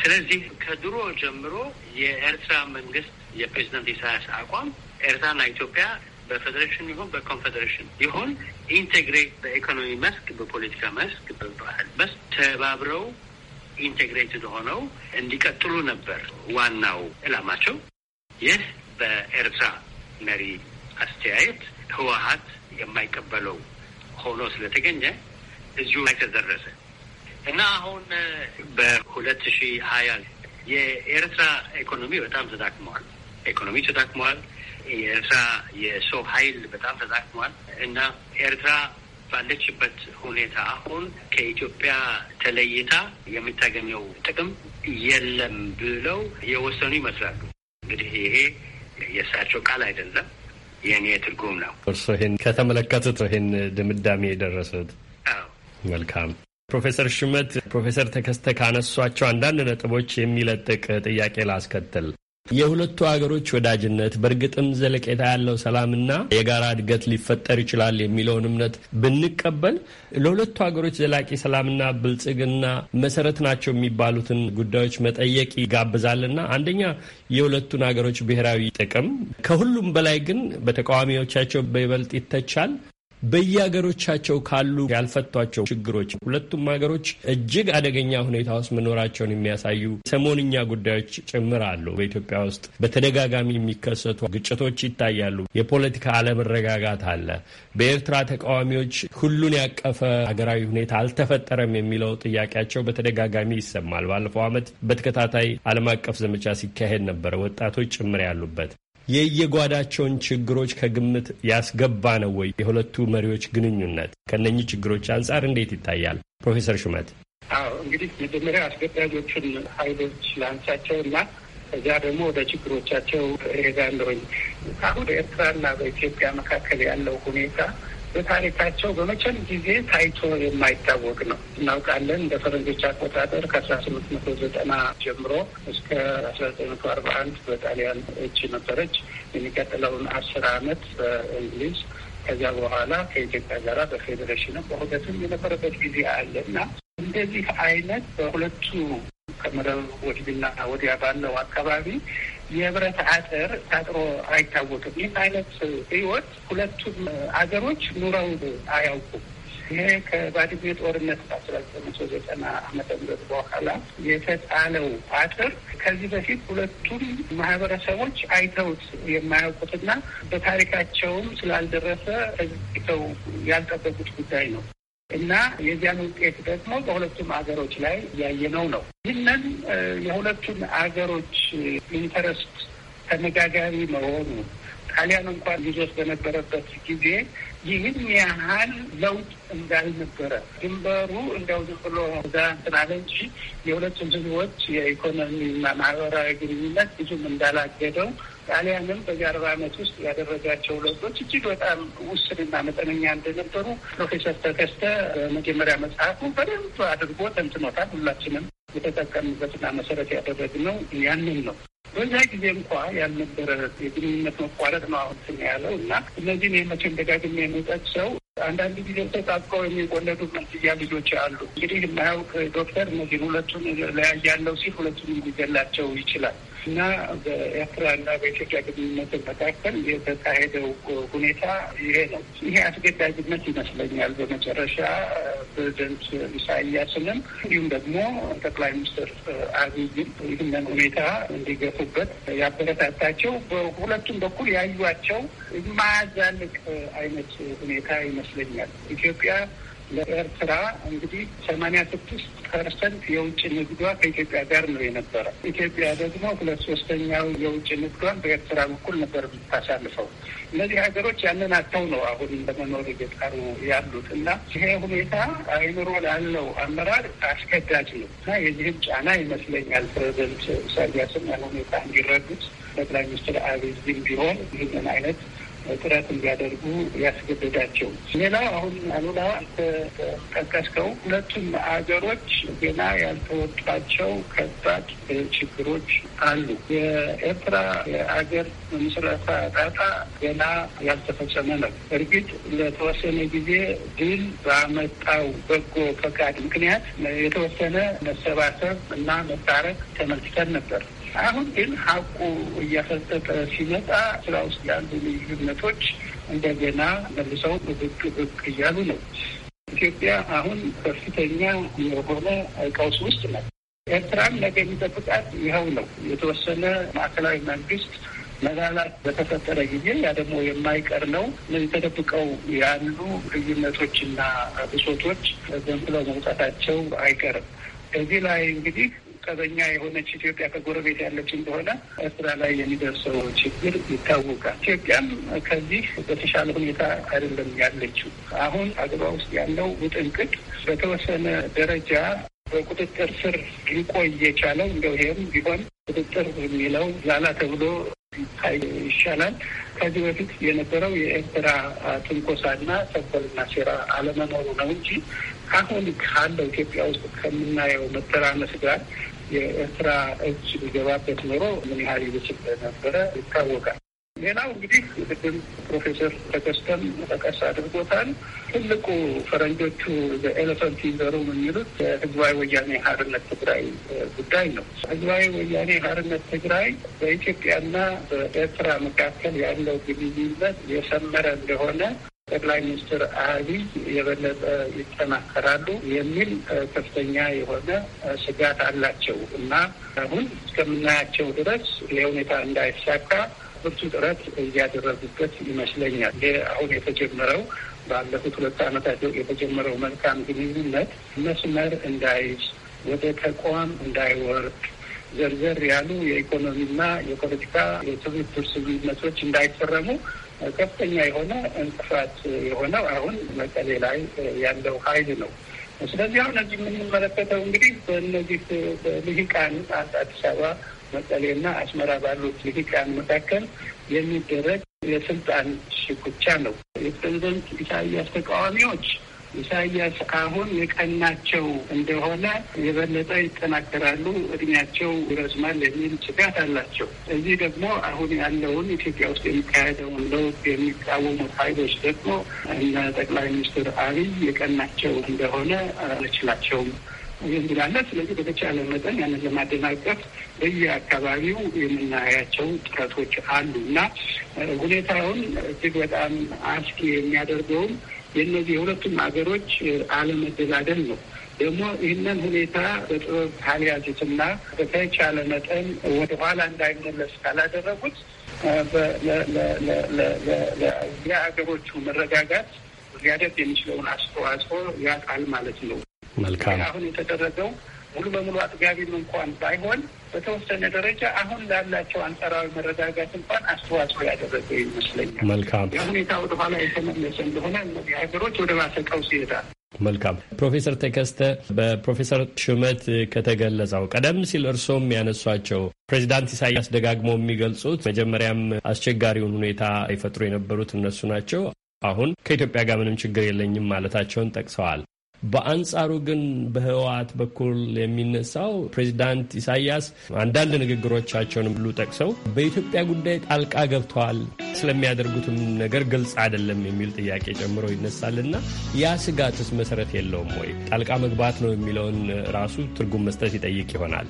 ስለዚህ ከድሮ ጀምሮ የኤርትራ መንግስት የፕሬዚደንት ኢሳያስ አቋም ኤርትራና ኢትዮጵያ በፌዴሬሽን ይሁን በኮንፌዴሬሽን ይሁን ኢንቴግሬት በኢኮኖሚ መስክ፣ በፖለቲካ መስክ፣ በባህል መስክ ተባብረው ኢንቴግሬትድ ሆነው እንዲቀጥሉ ነበር ዋናው ዕላማቸው። ይህ በኤርትራ መሪ አስተያየት ህወሀት የማይቀበለው ሆኖ ስለተገኘ እዚሁ ላይ ተደረሰ እና አሁን በሁለት ሺህ ሀያ የኤርትራ ኢኮኖሚ በጣም ተዳክመዋል። ኢኮኖሚ ተዳክመዋል። የኤርትራ የሰው ኃይል በጣም ተዳክመዋል እና ኤርትራ ባለችበት ሁኔታ አሁን ከኢትዮጵያ ተለይታ የምታገኘው ጥቅም የለም ብለው የወሰኑ ይመስላሉ። እንግዲህ ይሄ የእሳቸው ቃል አይደለም፣ የእኔ ትርጉም ነው። እርስዎ ይህን ከተመለከቱት ይህን ድምዳሜ የደረሱት? መልካም ፕሮፌሰር ሹመት ፕሮፌሰር ተከስተ ካነሷቸው አንዳንድ ነጥቦች የሚለጥቅ ጥያቄ ላስከትል። የሁለቱ ሀገሮች ወዳጅነት በእርግጥም ዘለቄታ ያለው ሰላምና የጋራ እድገት ሊፈጠር ይችላል የሚለውን እምነት ብንቀበል ለሁለቱ ሀገሮች ዘላቂ ሰላምና ብልጽግና መሰረት ናቸው የሚባሉትን ጉዳዮች መጠየቅ ይጋብዛልና አንደኛ የሁለቱን ሀገሮች ብሔራዊ ጥቅም ከሁሉም በላይ ግን በተቃዋሚዎቻቸው በይበልጥ ይተቻል። በየሀገሮቻቸው ካሉ ያልፈቷቸው ችግሮች ሁለቱም ሀገሮች እጅግ አደገኛ ሁኔታ ውስጥ መኖራቸውን የሚያሳዩ ሰሞንኛ ጉዳዮች ጭምር አሉ። በኢትዮጵያ ውስጥ በተደጋጋሚ የሚከሰቱ ግጭቶች ይታያሉ። የፖለቲካ አለመረጋጋት አለ። በኤርትራ ተቃዋሚዎች ሁሉን ያቀፈ ሀገራዊ ሁኔታ አልተፈጠረም የሚለው ጥያቄያቸው በተደጋጋሚ ይሰማል። ባለፈው ዓመት በተከታታይ ዓለም አቀፍ ዘመቻ ሲካሄድ ነበረ፣ ወጣቶች ጭምር ያሉበት የየጓዳቸውን ችግሮች ከግምት ያስገባ ነው ወይ? የሁለቱ መሪዎች ግንኙነት ከነኚህ ችግሮች አንጻር እንዴት ይታያል? ፕሮፌሰር ሹመት። አዎ እንግዲህ መጀመሪያ አስገዳጆቹን ኃይሎች ላንሳቸው እና ከዚያ ደግሞ ወደ ችግሮቻቸው እሄዳለሁኝ። አሁን ኤርትራና በኢትዮጵያ መካከል ያለው ሁኔታ በታሪካቸው በመቼም ጊዜ ታይቶ የማይታወቅ ነው። እናውቃለን እንደ ፈረንጆች አቆጣጠር ከአስራ ስምንት መቶ ዘጠና ጀምሮ እስከ አስራ ዘጠኝ መቶ አርባ አንድ በጣሊያን እጅ ነበረች። የሚቀጥለውን አስር አመት በእንግሊዝ ከዚያ በኋላ ከኢትዮጵያ ጋር በፌዴሬሽን በሁለትም የነበረበት ጊዜ አለ እና እንደዚህ አይነት በሁለቱ ከመረብ ወዲህና ወዲያ ባለው አካባቢ የህብረት አጥር ታጥሮ አይታወቅም። ይህ አይነት ህይወት ሁለቱም አገሮች ኑረው አያውቁም። ይሄ ከባድሜ ጦርነት በአስራ ዘጠኝ መቶ ዘጠና አመተ ምህረት በኋላ የተጣለው አጥር ከዚህ በፊት ሁለቱም ማህበረሰቦች አይተውት የማያውቁትና በታሪካቸውም ስላልደረሰ ተው ያልጠበቁት ጉዳይ ነው። እና የዚያን ውጤት ደግሞ በሁለቱም አገሮች ላይ ያየነው ነው። ይህንን የሁለቱም አገሮች ኢንተረስት ተነጋጋሪ መሆኑ ጣሊያን እንኳን ይዞት በነበረበት ጊዜ ይህን ያህል ለውጥ እንዳልነበረ ድንበሩ እንደው ዝም ብሎ እዛ እንትን አለ እንጂ የሁለቱም ህዝቦች የኢኮኖሚና ማህበራዊ ግንኙነት ብዙም እንዳላገደው ጣሊያንም በዚህ አርባ ዓመት ውስጥ ያደረጋቸው ለውጦች እጅግ በጣም ውስንና መጠነኛ እንደነበሩ ፕሮፌሰር ተከስተ በመጀመሪያ መጽሐፉ በደንብ አድርጎ ተንትኖታል። ሁላችንም የተጠቀምበትና መሰረት ያደረግነው ያንን ነው። በዛ ጊዜ እንኳ ያልነበረ የግንኙነት መቋረጥ ነው አሁን ስን ያለው እና እነዚህን የመቼም ደጋግሜ የመውጣት ሰው አንዳንድ ጊዜ ተጣብቀው የሚወለዱ መንትያ ልጆች አሉ። እንግዲህ የማያውቅ ዶክተር እነዚህን ሁለቱን ለያያለው ሲል ሁለቱን ሊገላቸው ይችላል። እና በኤርትራና በኢትዮጵያ ግንኙነት መካከል የተካሄደው ሁኔታ ይሄ ነው። ይሄ አስገዳጅነት ይመስለኛል። በመጨረሻ ፕሬዚደንት ኢሳያስንም እንዲሁም ደግሞ ጠቅላይ ሚኒስትር አብይን ይህንን ሁኔታ እንዲገፉበት ያበረታታቸው በሁለቱም በኩል ያዩቸው የማያዛልቅ አይነት ሁኔታ ይመስለኛል ኢትዮጵያ ለኤርትራ እንግዲህ ሰማንያ ስድስት ፐርሰንት የውጭ ንግዷ ከኢትዮጵያ ጋር ነው የነበረ። ኢትዮጵያ ደግሞ ሁለት ሶስተኛው የውጭ ንግዷን በኤርትራ በኩል ነበር የምታሳልፈው። እነዚህ ሀገሮች ያንን አተው ነው አሁን ለመኖር እየጣሩ ያሉት እና ይሄ ሁኔታ አይምሮ ላለው አመራር አስገዳጅ ነው እና የዚህም ጫና ይመስለኛል ፕሬዚደንት ኢሳያስም ያን ሁኔታ እንዲረዱት ጠቅላይ ሚኒስትር አብይም ቢሆን ይህንን አይነት ጥረት እንዲያደርጉ ያስገድዳቸው። ሌላው አሁን አሉላ ተጠቀስከው ሁለቱም አገሮች ገና ያልተወጣቸው ከባድ ችግሮች አሉ። የኤርትራ የአገር ምስረታ ጣጣ ገና ያልተፈጸመ ነው። እርግጥ ለተወሰነ ጊዜ ድል ባመጣው በጎ ፈቃድ ምክንያት የተወሰነ መሰባሰብ እና መታረቅ ተመልክተን ነበር። አሁን ግን ሀቁ እያፈጠጠ ሲመጣ ስራ ውስጥ ያሉ ልዩነቶች እንደገና መልሰው ብቅ ብቅ እያሉ ነው። ኢትዮጵያ አሁን ከፍተኛ የሆነ ቀውስ ውስጥ ነው። ኤርትራን ነገ የሚጠብቃት ይኸው ነው። የተወሰነ ማዕከላዊ መንግስት መላላት በተፈጠረ ጊዜ ያ ደግሞ የማይቀር ነው። እነዚህ ተደብቀው ያሉ ልዩነቶችና ብሶቶች ዘንብለው መውጣታቸው አይቀርም። እዚህ ላይ እንግዲህ ቀበኛ የሆነች ኢትዮጵያ ከጎረቤት ያለች እንደሆነ ኤርትራ ላይ የሚደርሰው ችግር ይታወቃል። ኢትዮጵያም ከዚህ በተሻለ ሁኔታ አይደለም ያለችው። አሁን አገባ ውስጥ ያለው ውጥንቅጥ በተወሰነ ደረጃ በቁጥጥር ስር ሊቆይ የቻለው እንደው ይሄም ቢሆን ቁጥጥር የሚለው ዛላ ተብሎ ይታይ ይሻላል። ከዚህ በፊት የነበረው የኤርትራ ትንኮሳና ተንኮልና ሴራ አለመኖሩ ነው እንጂ አሁን ካለው ኢትዮጵያ ውስጥ ከምናየው መተራመስ ጋር የኤርትራ እጅ ሊገባበት ኖሮ ምን ያህል ይችል ነበረ ይታወቃል። ሌላው እንግዲህ ቅድም ፕሮፌሰር ተከስተም ጠቀስ አድርጎታል። ትልቁ ፈረንጆቹ ኤሌፈንት ይዘሩ የሚሉት ህዝባዊ ወያኔ ሀርነት ትግራይ ጉዳይ ነው። ህዝባዊ ወያኔ ሀርነት ትግራይ በኢትዮጵያና በኤርትራ መካከል ያለው ግንኙነት የሰመረ እንደሆነ ጠቅላይ ሚኒስትር አብይ የበለጠ ይጠናከራሉ የሚል ከፍተኛ የሆነ ስጋት አላቸው እና አሁን እስከምናያቸው ድረስ የሁኔታ እንዳይሳካ ብርቱ ጥረት እያደረጉበት ይመስለኛል። አሁን የተጀመረው ባለፉት ሁለት ዓመታት የተጀመረው መልካም ግንኙነት መስመር እንዳይዝ ወደ ተቋም እንዳይወርድ ዘርዘር ያሉ የኢኮኖሚና የፖለቲካ የትብብር ስምምነቶች እንዳይፈረሙ ከፍተኛ የሆነ እንቅፋት የሆነው አሁን መቀሌ ላይ ያለው ኃይል ነው። ስለዚህ አሁን እዚህ የምንመለከተው እንግዲህ በእነዚህ ልሂቃን አዲስ አበባ መቀሌና አስመራ ባሉት ልሂቃን መካከል የሚደረግ የስልጣን ሽኩቻ ነው። የፕሬዚደንት ኢሳያስ ተቃዋሚዎች ኢሳያስ አሁን የቀናቸው እንደሆነ የበለጠ ይጠናከራሉ፣ እድሜያቸው ይረዝማል የሚል ስጋት አላቸው። እዚህ ደግሞ አሁን ያለውን ኢትዮጵያ ውስጥ የሚካሄደውን ለውጥ የሚቃወሙት ኃይሎች ደግሞ እነ ጠቅላይ ሚኒስትር አብይ የቀናቸው እንደሆነ አልችላቸውም ይላለ። ስለዚህ በተቻለ መጠን ያንን ለማደናቀፍ በየአካባቢው የምናያቸው ጥረቶች አሉ እና ሁኔታውን እጅግ በጣም አስጊ የሚያደርገውም የእነዚህ የሁለቱም ሀገሮች አለመደላደል ነው። ደግሞ ይህንን ሁኔታ በጥበብ ካልያዙትና በተቻለ መጠን ወደኋላ እንዳይመለስ ካላደረጉት የሀገሮቹ መረጋጋት ሊያደርግ የሚችለውን አስተዋጽኦ ያውቃል ማለት ነው። መልካም አሁን የተደረገው ሙሉ በሙሉ አጥጋቢም እንኳን ባይሆን በተወሰነ ደረጃ አሁን ላላቸው አንጻራዊ መረጋጋት እንኳን አስተዋጽኦ ያደረገ ይመስለኛል። መልካም የሁኔታ ወደኋላ የተመለሰ እንደሆነ እነዚህ ሀገሮች ወደ ባሰ ቀውስ ይሄዳል። መልካም ፕሮፌሰር ተከስተ በፕሮፌሰር ሹመት ከተገለጸው ቀደም ሲል እርስዎም ያነሷቸው ፕሬዚዳንት ኢሳያስ ደጋግሞ የሚገልጹት መጀመሪያም አስቸጋሪውን ሁኔታ ይፈጥሩ የነበሩት እነሱ ናቸው። አሁን ከኢትዮጵያ ጋር ምንም ችግር የለኝም ማለታቸውን ጠቅሰዋል። በአንጻሩ ግን በህወሓት በኩል የሚነሳው ፕሬዚዳንት ኢሳያስ አንዳንድ ንግግሮቻቸውን ብሉ ጠቅሰው በኢትዮጵያ ጉዳይ ጣልቃ ገብተዋል፣ ስለሚያደርጉትም ነገር ግልጽ አይደለም የሚል ጥያቄ ጨምሮ ይነሳልና ያ ስጋትስ መሰረት የለውም ወይ? ጣልቃ መግባት ነው የሚለውን ራሱ ትርጉም መስጠት ይጠይቅ ይሆናል።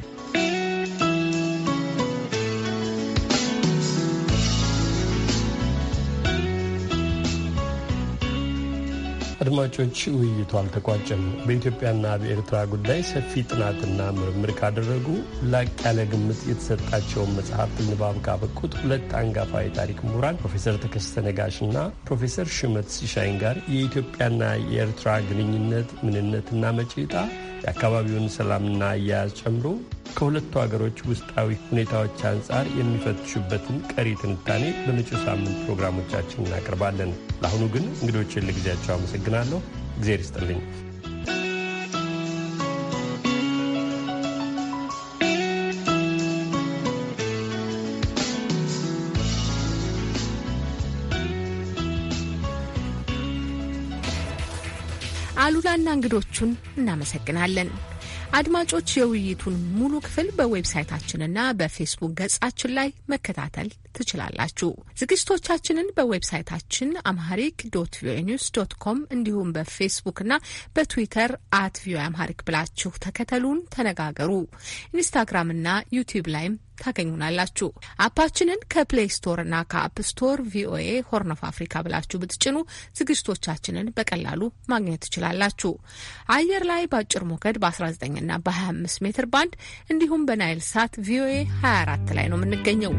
አድማጮች፣ ውይይቱ አልተቋጨም። በኢትዮጵያና በኤርትራ ጉዳይ ሰፊ ጥናትና ምርምር ካደረጉ ላቅ ያለ ግምት የተሰጣቸውን መጽሐፍት ንባብ ካበቁት ሁለት አንጋፋ የታሪክ ምሁራን ፕሮፌሰር ተከስተ ነጋሽና ፕሮፌሰር ሽመት ሲሻይን ጋር የኢትዮጵያና የኤርትራ ግንኙነት ምንነትና መጪጣ የአካባቢውን ሰላምና አያያዝ ጨምሮ ከሁለቱ ሀገሮች ውስጣዊ ሁኔታዎች አንጻር የሚፈትሹበትን ቀሪ ትንታኔ በመጪው ሳምንት ፕሮግራሞቻችን እናቀርባለን። ለአሁኑ ግን እንግዶችን ለጊዜያቸው አመሰግናለሁ። እግዜር ይስጥልኝ። አሉላና እንግዶቹን እናመሰግናለን። አድማጮች የውይይቱን ሙሉ ክፍል በዌብሳይታችንና በፌስቡክ ገጻችን ላይ መከታተል ትችላላችሁ። ዝግጅቶቻችንን በዌብሳይታችን አምሃሪክ ዶት ቪኦኤ ኒውስ ዶት ኮም እንዲሁም በፌስቡክና በትዊተር አት ቪኦኤ አምሃሪክ ብላችሁ ተከተሉን፣ ተነጋገሩ። ኢንስታግራምና ዩቲዩብ ላይም ታገኙናላችሁ። አፓችንን ከፕሌይ ስቶርና ከአፕ ስቶር ቪኦኤ ሆርን ኦፍ አፍሪካ ብላችሁ ብትጭኑ ዝግጅቶቻችንን በቀላሉ ማግኘት ትችላላችሁ። አየር ላይ በአጭር ሞገድ በ19ና በ25 ሜትር ባንድ እንዲሁም በናይል ሳት ቪኦኤ 24 ላይ ነው የምንገኘው።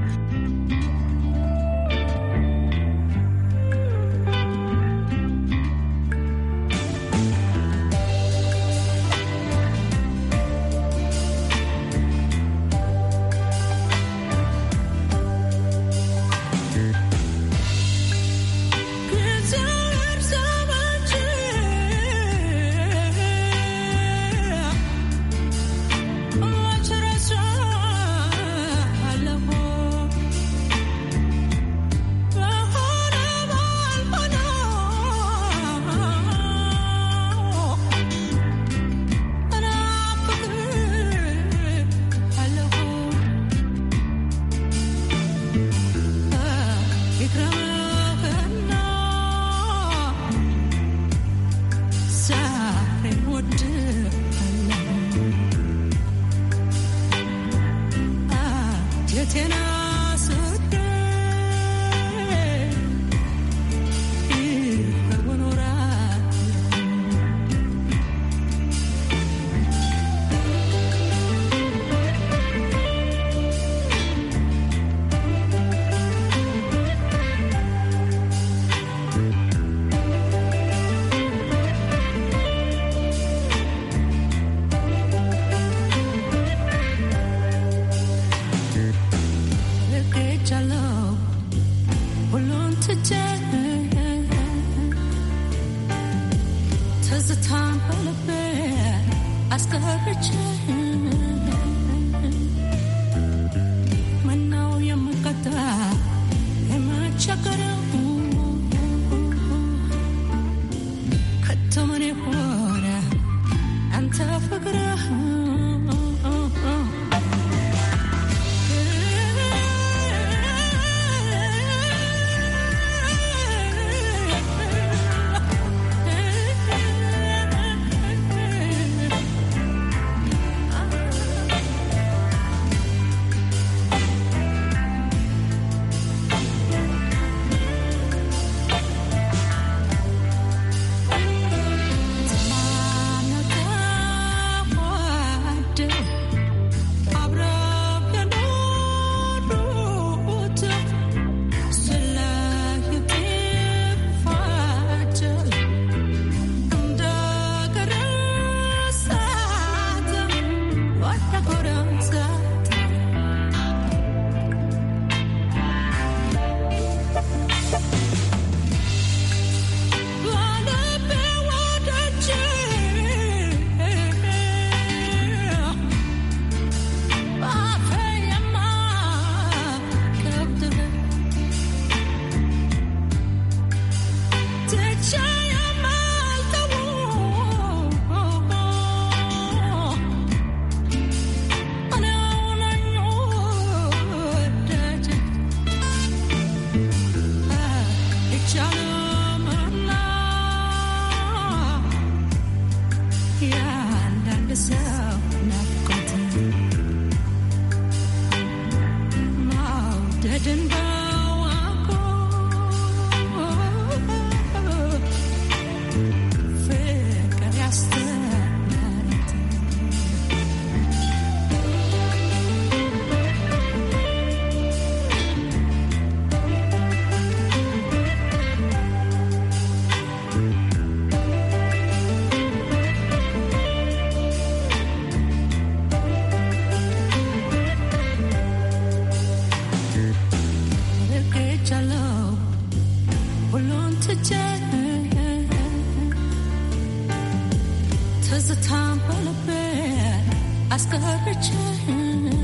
There's a time for the prayer. Ask her return.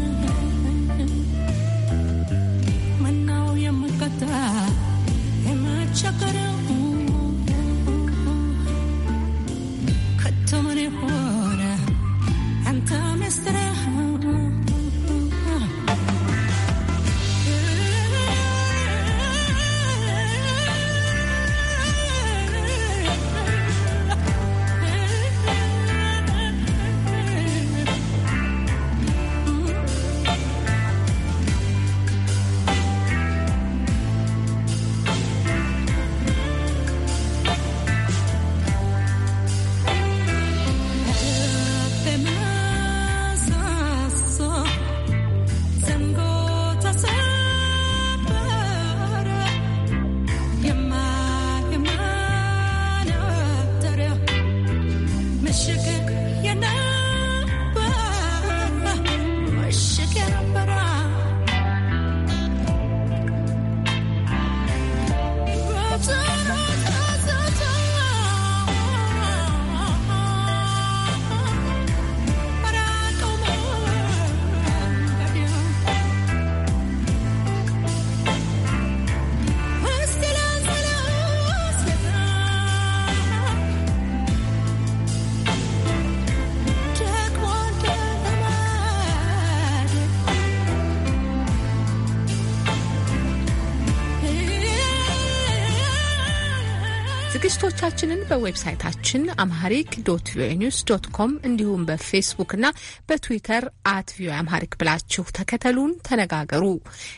ዝግጅታችንን በዌብሳይታችን አምሃሪክ ዶት ቪኦኤ ኒውስ ዶት ኮም እንዲሁም በፌስቡክ እና በትዊተር አት ቪኦኤ አምሃሪክ ብላችሁ ተከተሉን፣ ተነጋገሩ።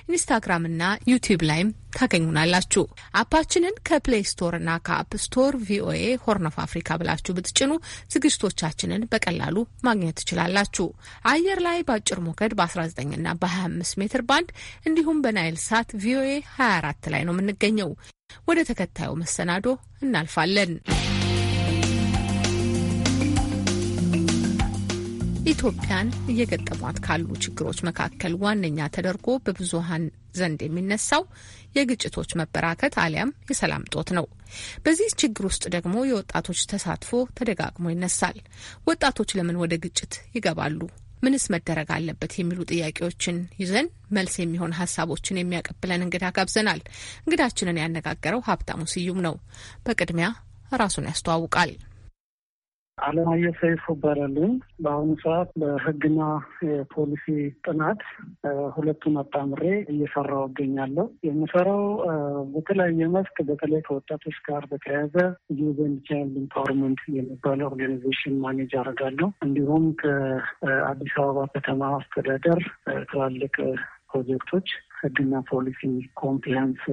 ኢንስታግራም እና ዩቲዩብ ላይም ታገኙናላችሁ። አፓችንን ከፕሌይ እና ከአፕ ስቶር ቪኦኤ ሆርን ኦፍ አፍሪካ ብላችሁ ብትጭኑ ዝግጅቶቻችንን በቀላሉ ማግኘት ትችላላችሁ። አየር ላይ በአጭር ሞገድ በ19ና በ25 ሜትር ባንድ እንዲሁም በናይል ሳት ቪኦኤ 24 ላይ ነው የምንገኘው። ወደ ተከታዩ መሰናዶ እናልፋለን። ኢትዮጵያን እየገጠሟት ካሉ ችግሮች መካከል ዋነኛ ተደርጎ በብዙሀን ዘንድ የሚነሳው የግጭቶች መበራከት አሊያም የሰላም ጦት ነው። በዚህ ችግር ውስጥ ደግሞ የወጣቶች ተሳትፎ ተደጋግሞ ይነሳል። ወጣቶች ለምን ወደ ግጭት ይገባሉ? ምንስ መደረግ አለበት የሚሉ ጥያቄዎችን ይዘን መልስ የሚሆን ሀሳቦችን የሚያቀብለን እንግዳ ጋብዘናል። እንግዳችንን ያነጋገረው ሀብታሙ ስዩም ነው። በቅድሚያ ራሱን ያስተዋውቃል። አለማየሁ ሰይፉ ይባላሉ። በአሁኑ ሰዓት በህግና የፖሊሲ ጥናት ሁለቱን አጣምሬ እየሰራው እገኛለሁ። የምሰራው በተለያየ መስክ በተለይ ከወጣቶች ጋር በተያያዘ ዩዘን ቻይልድ ኢምፓወርመንት የሚባለ ኦርጋናይዜሽን ማኔጅ አደርጋለሁ። እንዲሁም ከአዲስ አበባ ከተማ አስተዳደር ትላልቅ ፕሮጀክቶች ህግና ፖሊሲ ኮምፕላንስ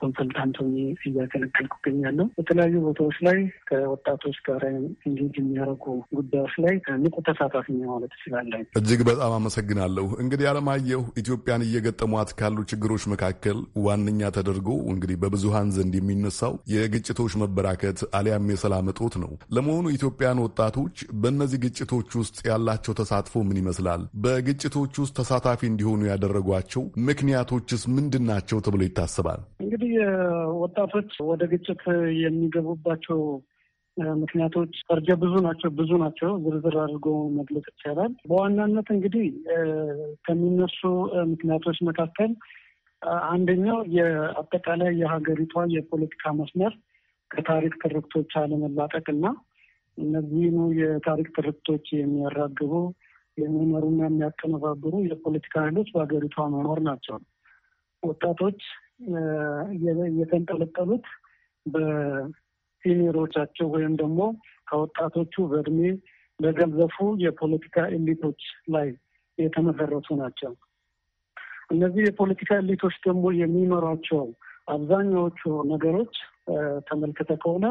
ኮንሰልታንት ሆኜ እያገለገልኩ እገኛለሁ። በተለያዩ ቦታዎች ላይ ከወጣቶች ጋር እንጌጅ የሚያደርጉ ጉዳዮች ላይ ንቁ ተሳታፊ ማለት እችላለሁ። እጅግ በጣም አመሰግናለሁ። እንግዲህ አለማየሁ፣ ኢትዮጵያን እየገጠሟት ካሉ ችግሮች መካከል ዋነኛ ተደርጎ እንግዲህ በብዙሀን ዘንድ የሚነሳው የግጭቶች መበራከት አሊያም የሰላም እጦት ነው። ለመሆኑ ኢትዮጵያን ወጣቶች በእነዚህ ግጭቶች ውስጥ ያላቸው ተሳትፎ ምን ይመስላል? በግጭቶች ውስጥ ተሳታፊ እንዲሆኑ ያደረጓቸው ምክንያቱ ምክንያቶችስ ምንድን ናቸው ተብሎ ይታሰባል? እንግዲህ ወጣቶች ወደ ግጭት የሚገቡባቸው ምክንያቶች ፈርጀ ብዙ ናቸው ብዙ ናቸው። ዝርዝር አድርጎ መግለጽ ይቻላል። በዋናነት እንግዲህ ከሚነሱ ምክንያቶች መካከል አንደኛው የአጠቃላይ የሀገሪቷ የፖለቲካ መስመር ከታሪክ ትርክቶች አለመላጠቅ እና እነዚህኑ የታሪክ ትርክቶች የሚያራግቡ የሚመሩና የሚያቀነባብሩ የፖለቲካ ኃይሎች በሀገሪቷ መኖር ናቸው። ወጣቶች የተንጠለጠሉት በሲኒየሮቻቸው ወይም ደግሞ ከወጣቶቹ በእድሜ በገንዘፉ የፖለቲካ ኤሊቶች ላይ የተመሰረቱ ናቸው። እነዚህ የፖለቲካ ኤሊቶች ደግሞ የሚመሯቸው አብዛኛዎቹ ነገሮች ተመልክተ ከሆነ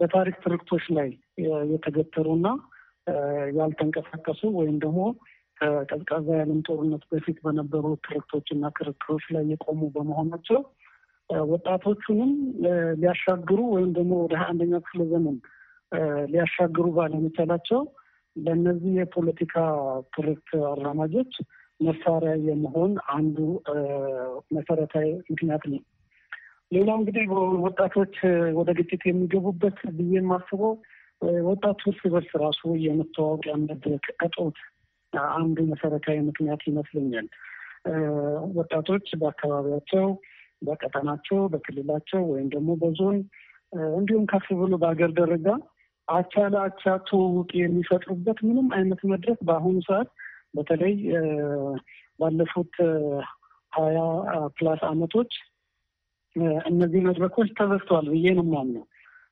በታሪክ ትርክቶች ላይ የተገተሩና ያልተንቀሳቀሱ ወይም ደግሞ ከቀዝቃዛ የዓለም ጦርነት በፊት በነበሩ ትርክቶች እና ክርክሮች ላይ የቆሙ በመሆናቸው ወጣቶቹንም ሊያሻግሩ ወይም ደግሞ ወደ አንደኛው ክፍለ ዘመን ሊያሻግሩ ባለመቻላቸው ለእነዚህ የፖለቲካ ትርክት አራማጆች መሳሪያ የመሆን አንዱ መሰረታዊ ምክንያት ነው። ሌላው እንግዲህ ወጣቶች ወደ ግጭት የሚገቡበት ብዬ የማስበው ወጣቱ እርስ በርስ ራሱ የመተዋወቂያ መድረክ እጦት አንዱ መሰረታዊ ምክንያት ይመስለኛል። ወጣቶች በአካባቢያቸው፣ በቀጠናቸው፣ በክልላቸው ወይም ደግሞ በዞን እንዲሁም ከፍ ብሎ በሀገር ደረጃ አቻ ለአቻ ትውውቅ የሚፈጥሩበት ምንም አይነት መድረክ በአሁኑ ሰዓት በተለይ ባለፉት ሀያ ፕላስ አመቶች እነዚህ መድረኮች ተዘግተዋል ብዬ ነው የማምነው።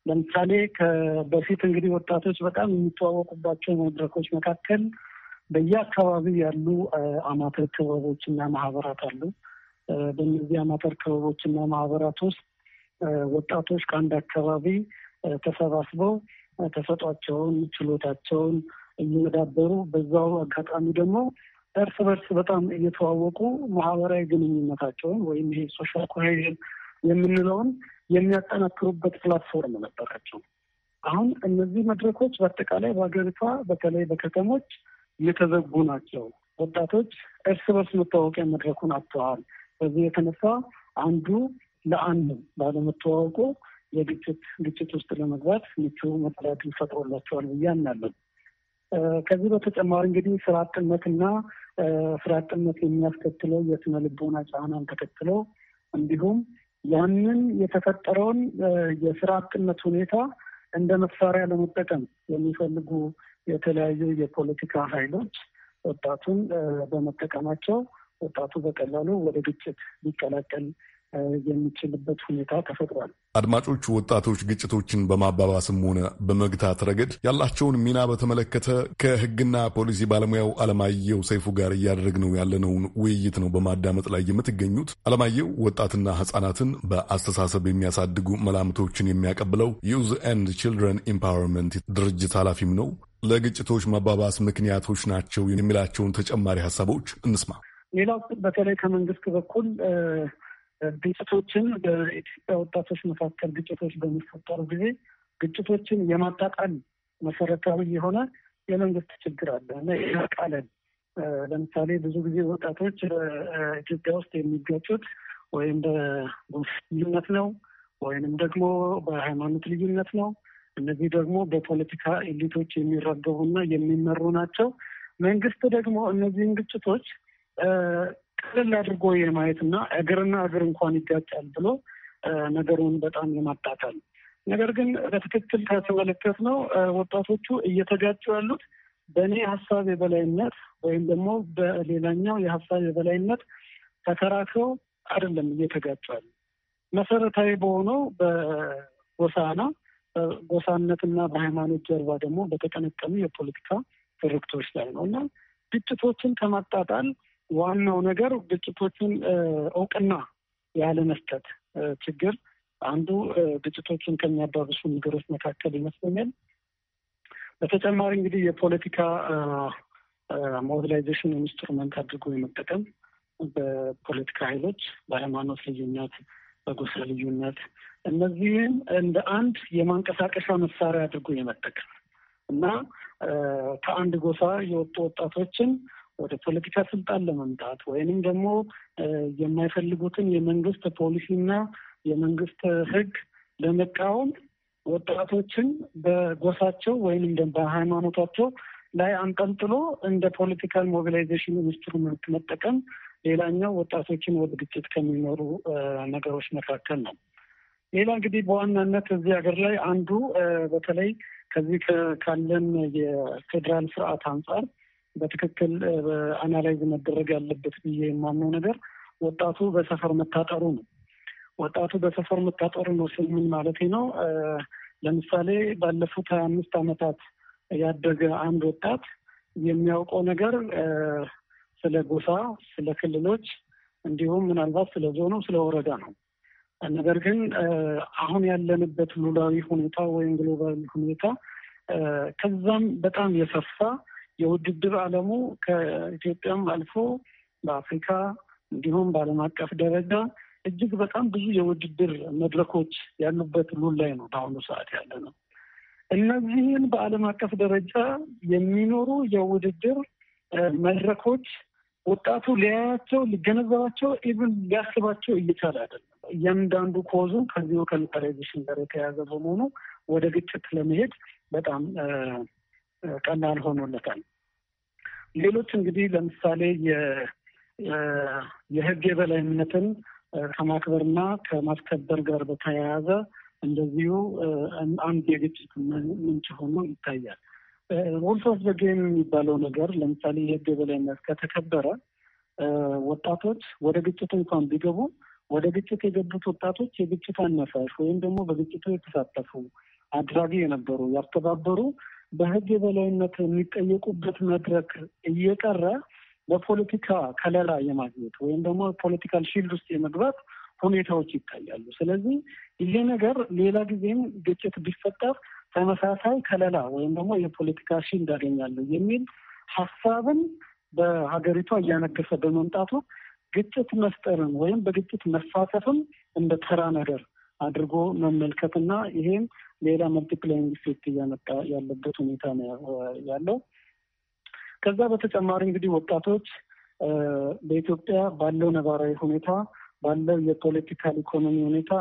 ለምሳሌ በፊት እንግዲህ ወጣቶች በጣም የሚተዋወቁባቸው መድረኮች መካከል በየአካባቢው ያሉ አማተር ክበቦች ማህበራት አሉ። በእነዚህ አማተር ክበቦች ማህበራት ውስጥ ወጣቶች ከአንድ አካባቢ ተሰባስበው ተሰጧቸውን፣ ችሎታቸውን እየመዳበሩ በዛው አጋጣሚ ደግሞ እርስ በርስ በጣም እየተዋወቁ ማህበራዊ ግንኙነታቸውን ወይም ይሄ ሶሻል ኮሄዥን የምንለውን የሚያጠናክሩበት ፕላትፎርም ነበራቸው። አሁን እነዚህ መድረኮች በአጠቃላይ በሀገሪቷ በተለይ በከተሞች የተዘጉ ናቸው። ወጣቶች እርስ በርስ መተዋወቂያ መድረኩን አጥተዋል። በዚህ የተነሳ አንዱ ለአንዱ ባለመተዋወቁ የግጭት ግጭት ውስጥ ለመግባት ምቹ መጠሪያትን ፈጥሮላቸዋል ብዬ አምናለሁ። ከዚህ በተጨማሪ እንግዲህ ስራ አጥነትና ስራ አጥነት የሚያስከትለው የስነ ልቦና ጫናን ተከትለው እንዲሁም ያንን የተፈጠረውን የስራ አጥነት ሁኔታ እንደ መሳሪያ ለመጠቀም የሚፈልጉ የተለያዩ የፖለቲካ ኃይሎች ወጣቱን በመጠቀማቸው ወጣቱ በቀላሉ ወደ ግጭት ሊቀላቀል የሚችልበት ሁኔታ ተፈጥሯል። አድማጮቹ ወጣቶች ግጭቶችን በማባባስም ሆነ በመግታት ረገድ ያላቸውን ሚና በተመለከተ ከሕግና ፖሊሲ ባለሙያው አለማየሁ ሰይፉ ጋር እያደረግነው ያለነውን ውይይት ነው በማዳመጥ ላይ የምትገኙት። አለማየሁ ወጣትና ሕጻናትን በአስተሳሰብ የሚያሳድጉ መላምቶችን የሚያቀብለው ዩዝ ኤንድ ችልድረን ኢምፓወርመንት ድርጅት ኃላፊም ነው። ለግጭቶች መባባስ ምክንያቶች ናቸው የሚላቸውን ተጨማሪ ሀሳቦች እንስማ። ሌላው በተለይ ከመንግስት በኩል ግጭቶችን በኢትዮጵያ ወጣቶች መካከል ግጭቶች በሚፈጠሩ ጊዜ ግጭቶችን የማጣቃል መሰረታዊ የሆነ የመንግስት ችግር አለ እና የማቃለል ለምሳሌ ብዙ ጊዜ ወጣቶች ኢትዮጵያ ውስጥ የሚገጩት ወይም በጎሳ ልዩነት ነው ወይንም ደግሞ በሃይማኖት ልዩነት ነው እነዚህ ደግሞ በፖለቲካ ኤሊቶች የሚረገቡና የሚመሩ ናቸው። መንግስት ደግሞ እነዚህን ግጭቶች ቀለል አድርጎ የማየትና እግርና እግር እንኳን ይጋጫል ብሎ ነገሩን በጣም የማጣጣል ነገር ግን በትክክል ከተመለከት ነው ወጣቶቹ እየተጋጩ ያሉት በእኔ ሀሳብ የበላይነት ወይም ደግሞ በሌላኛው የሀሳብ የበላይነት ተከራክረው አይደለም እየተጋጩ ያሉ መሰረታዊ በሆነው በጎሳና በጎሳነትና በሃይማኖት ጀርባ ደግሞ በተቀነቀኑ የፖለቲካ ትርክቶች ላይ ነው እና ግጭቶችን ከማጣጣል ዋናው ነገር ግጭቶችን እውቅና ያለ መስጠት ችግር አንዱ ግጭቶችን ከሚያባብሱ ነገሮች መካከል ይመስለኛል። በተጨማሪ እንግዲህ የፖለቲካ ሞቢላይዜሽን ኢንስትሩመንት አድርጎ የመጠቀም በፖለቲካ ኃይሎች በሃይማኖት ልዩነት፣ በጎሳ ልዩነት እነዚህም እንደ አንድ የማንቀሳቀሻ መሳሪያ አድርጎ የመጠቀም እና ከአንድ ጎሳ የወጡ ወጣቶችን ወደ ፖለቲካ ስልጣን ለመምጣት ወይንም ደግሞ የማይፈልጉትን የመንግስት ፖሊሲና የመንግስት ህግ ለመቃወም ወጣቶችን በጎሳቸው ወይንም ደግሞ በሃይማኖታቸው ላይ አንጠልጥሎ እንደ ፖለቲካል ሞቢላይዜሽን ኢንስትሩመንት መጠቀም ሌላኛው ወጣቶችን ወደ ግጭት ከሚኖሩ ነገሮች መካከል ነው። ሌላ እንግዲህ በዋናነት እዚህ ሀገር ላይ አንዱ በተለይ ከዚህ ካለን የፌዴራል ስርዓት አንጻር በትክክል አናላይዝ መደረግ ያለበት ብዬ የማምነው ነገር ወጣቱ በሰፈር መታጠሩ ነው። ወጣቱ በሰፈር መታጠሩ ነው ስል ምን ማለት ነው? ለምሳሌ ባለፉት ሀያ አምስት ዓመታት ያደገ አንድ ወጣት የሚያውቀው ነገር ስለ ጎሳ፣ ስለ ክልሎች እንዲሁም ምናልባት ስለ ዞኑ፣ ስለ ወረዳ ነው። ነገር ግን አሁን ያለንበት ሉላዊ ሁኔታ ወይም ግሎባል ሁኔታ ከዛም በጣም የሰፋ የውድድር ዓለሙ ከኢትዮጵያም አልፎ በአፍሪካ እንዲሁም በዓለም አቀፍ ደረጃ እጅግ በጣም ብዙ የውድድር መድረኮች ያሉበት ሉል ላይ ነው በአሁኑ ሰዓት ያለ ነው። እነዚህን በዓለም አቀፍ ደረጃ የሚኖሩ የውድድር መድረኮች ወጣቱ ሊያያቸው፣ ሊገነዘባቸው፣ ኢቭን ሊያስባቸው እየቻለ አይደለም። እያንዳንዱ ኮዙ ከዚሁ ከሚታላይዜሽን ጋር የተያያዘ በመሆኑ ወደ ግጭት ለመሄድ በጣም ቀላል ሆኖለታል። ሌሎች እንግዲህ ለምሳሌ የህግ የበላይነትን ከማክበርና ከማስከበር ጋር በተያያዘ እንደዚሁ አንድ የግጭት ምንጭ ሆኖ ይታያል። ሩልስ ኦፍ ዘ ጌም የሚባለው ነገር ለምሳሌ የህግ የበላይነት ከተከበረ ወጣቶች ወደ ግጭት እንኳን ቢገቡ ወደ ግጭት የገቡት ወጣቶች የግጭት አነሳሽ ወይም ደግሞ በግጭቱ የተሳተፉ አድራጊ የነበሩ ያስተባበሩ በህግ የበላይነት የሚጠየቁበት መድረክ እየቀረ በፖለቲካ ከለላ የማግኘት ወይም ደግሞ ፖለቲካል ሺልድ ውስጥ የመግባት ሁኔታዎች ይታያሉ። ስለዚህ ይሄ ነገር ሌላ ጊዜም ግጭት ቢፈጠር ተመሳሳይ ከለላ ወይም ደግሞ የፖለቲካ ሺልድ አገኛለሁ የሚል ሀሳብን በሀገሪቷ እያነገሰ በመምጣቱ ግጭት መፍጠርን ወይም በግጭት መሳተፍም እንደ ተራ ነገር አድርጎ መመልከትና ይሄም ሌላ መልቲፕላይንግ ኢፌክት እያመጣ ያለበት ሁኔታ ነው ያለው። ከዛ በተጨማሪ እንግዲህ ወጣቶች በኢትዮጵያ ባለው ነባራዊ ሁኔታ ባለው የፖለቲካል ኢኮኖሚ ሁኔታ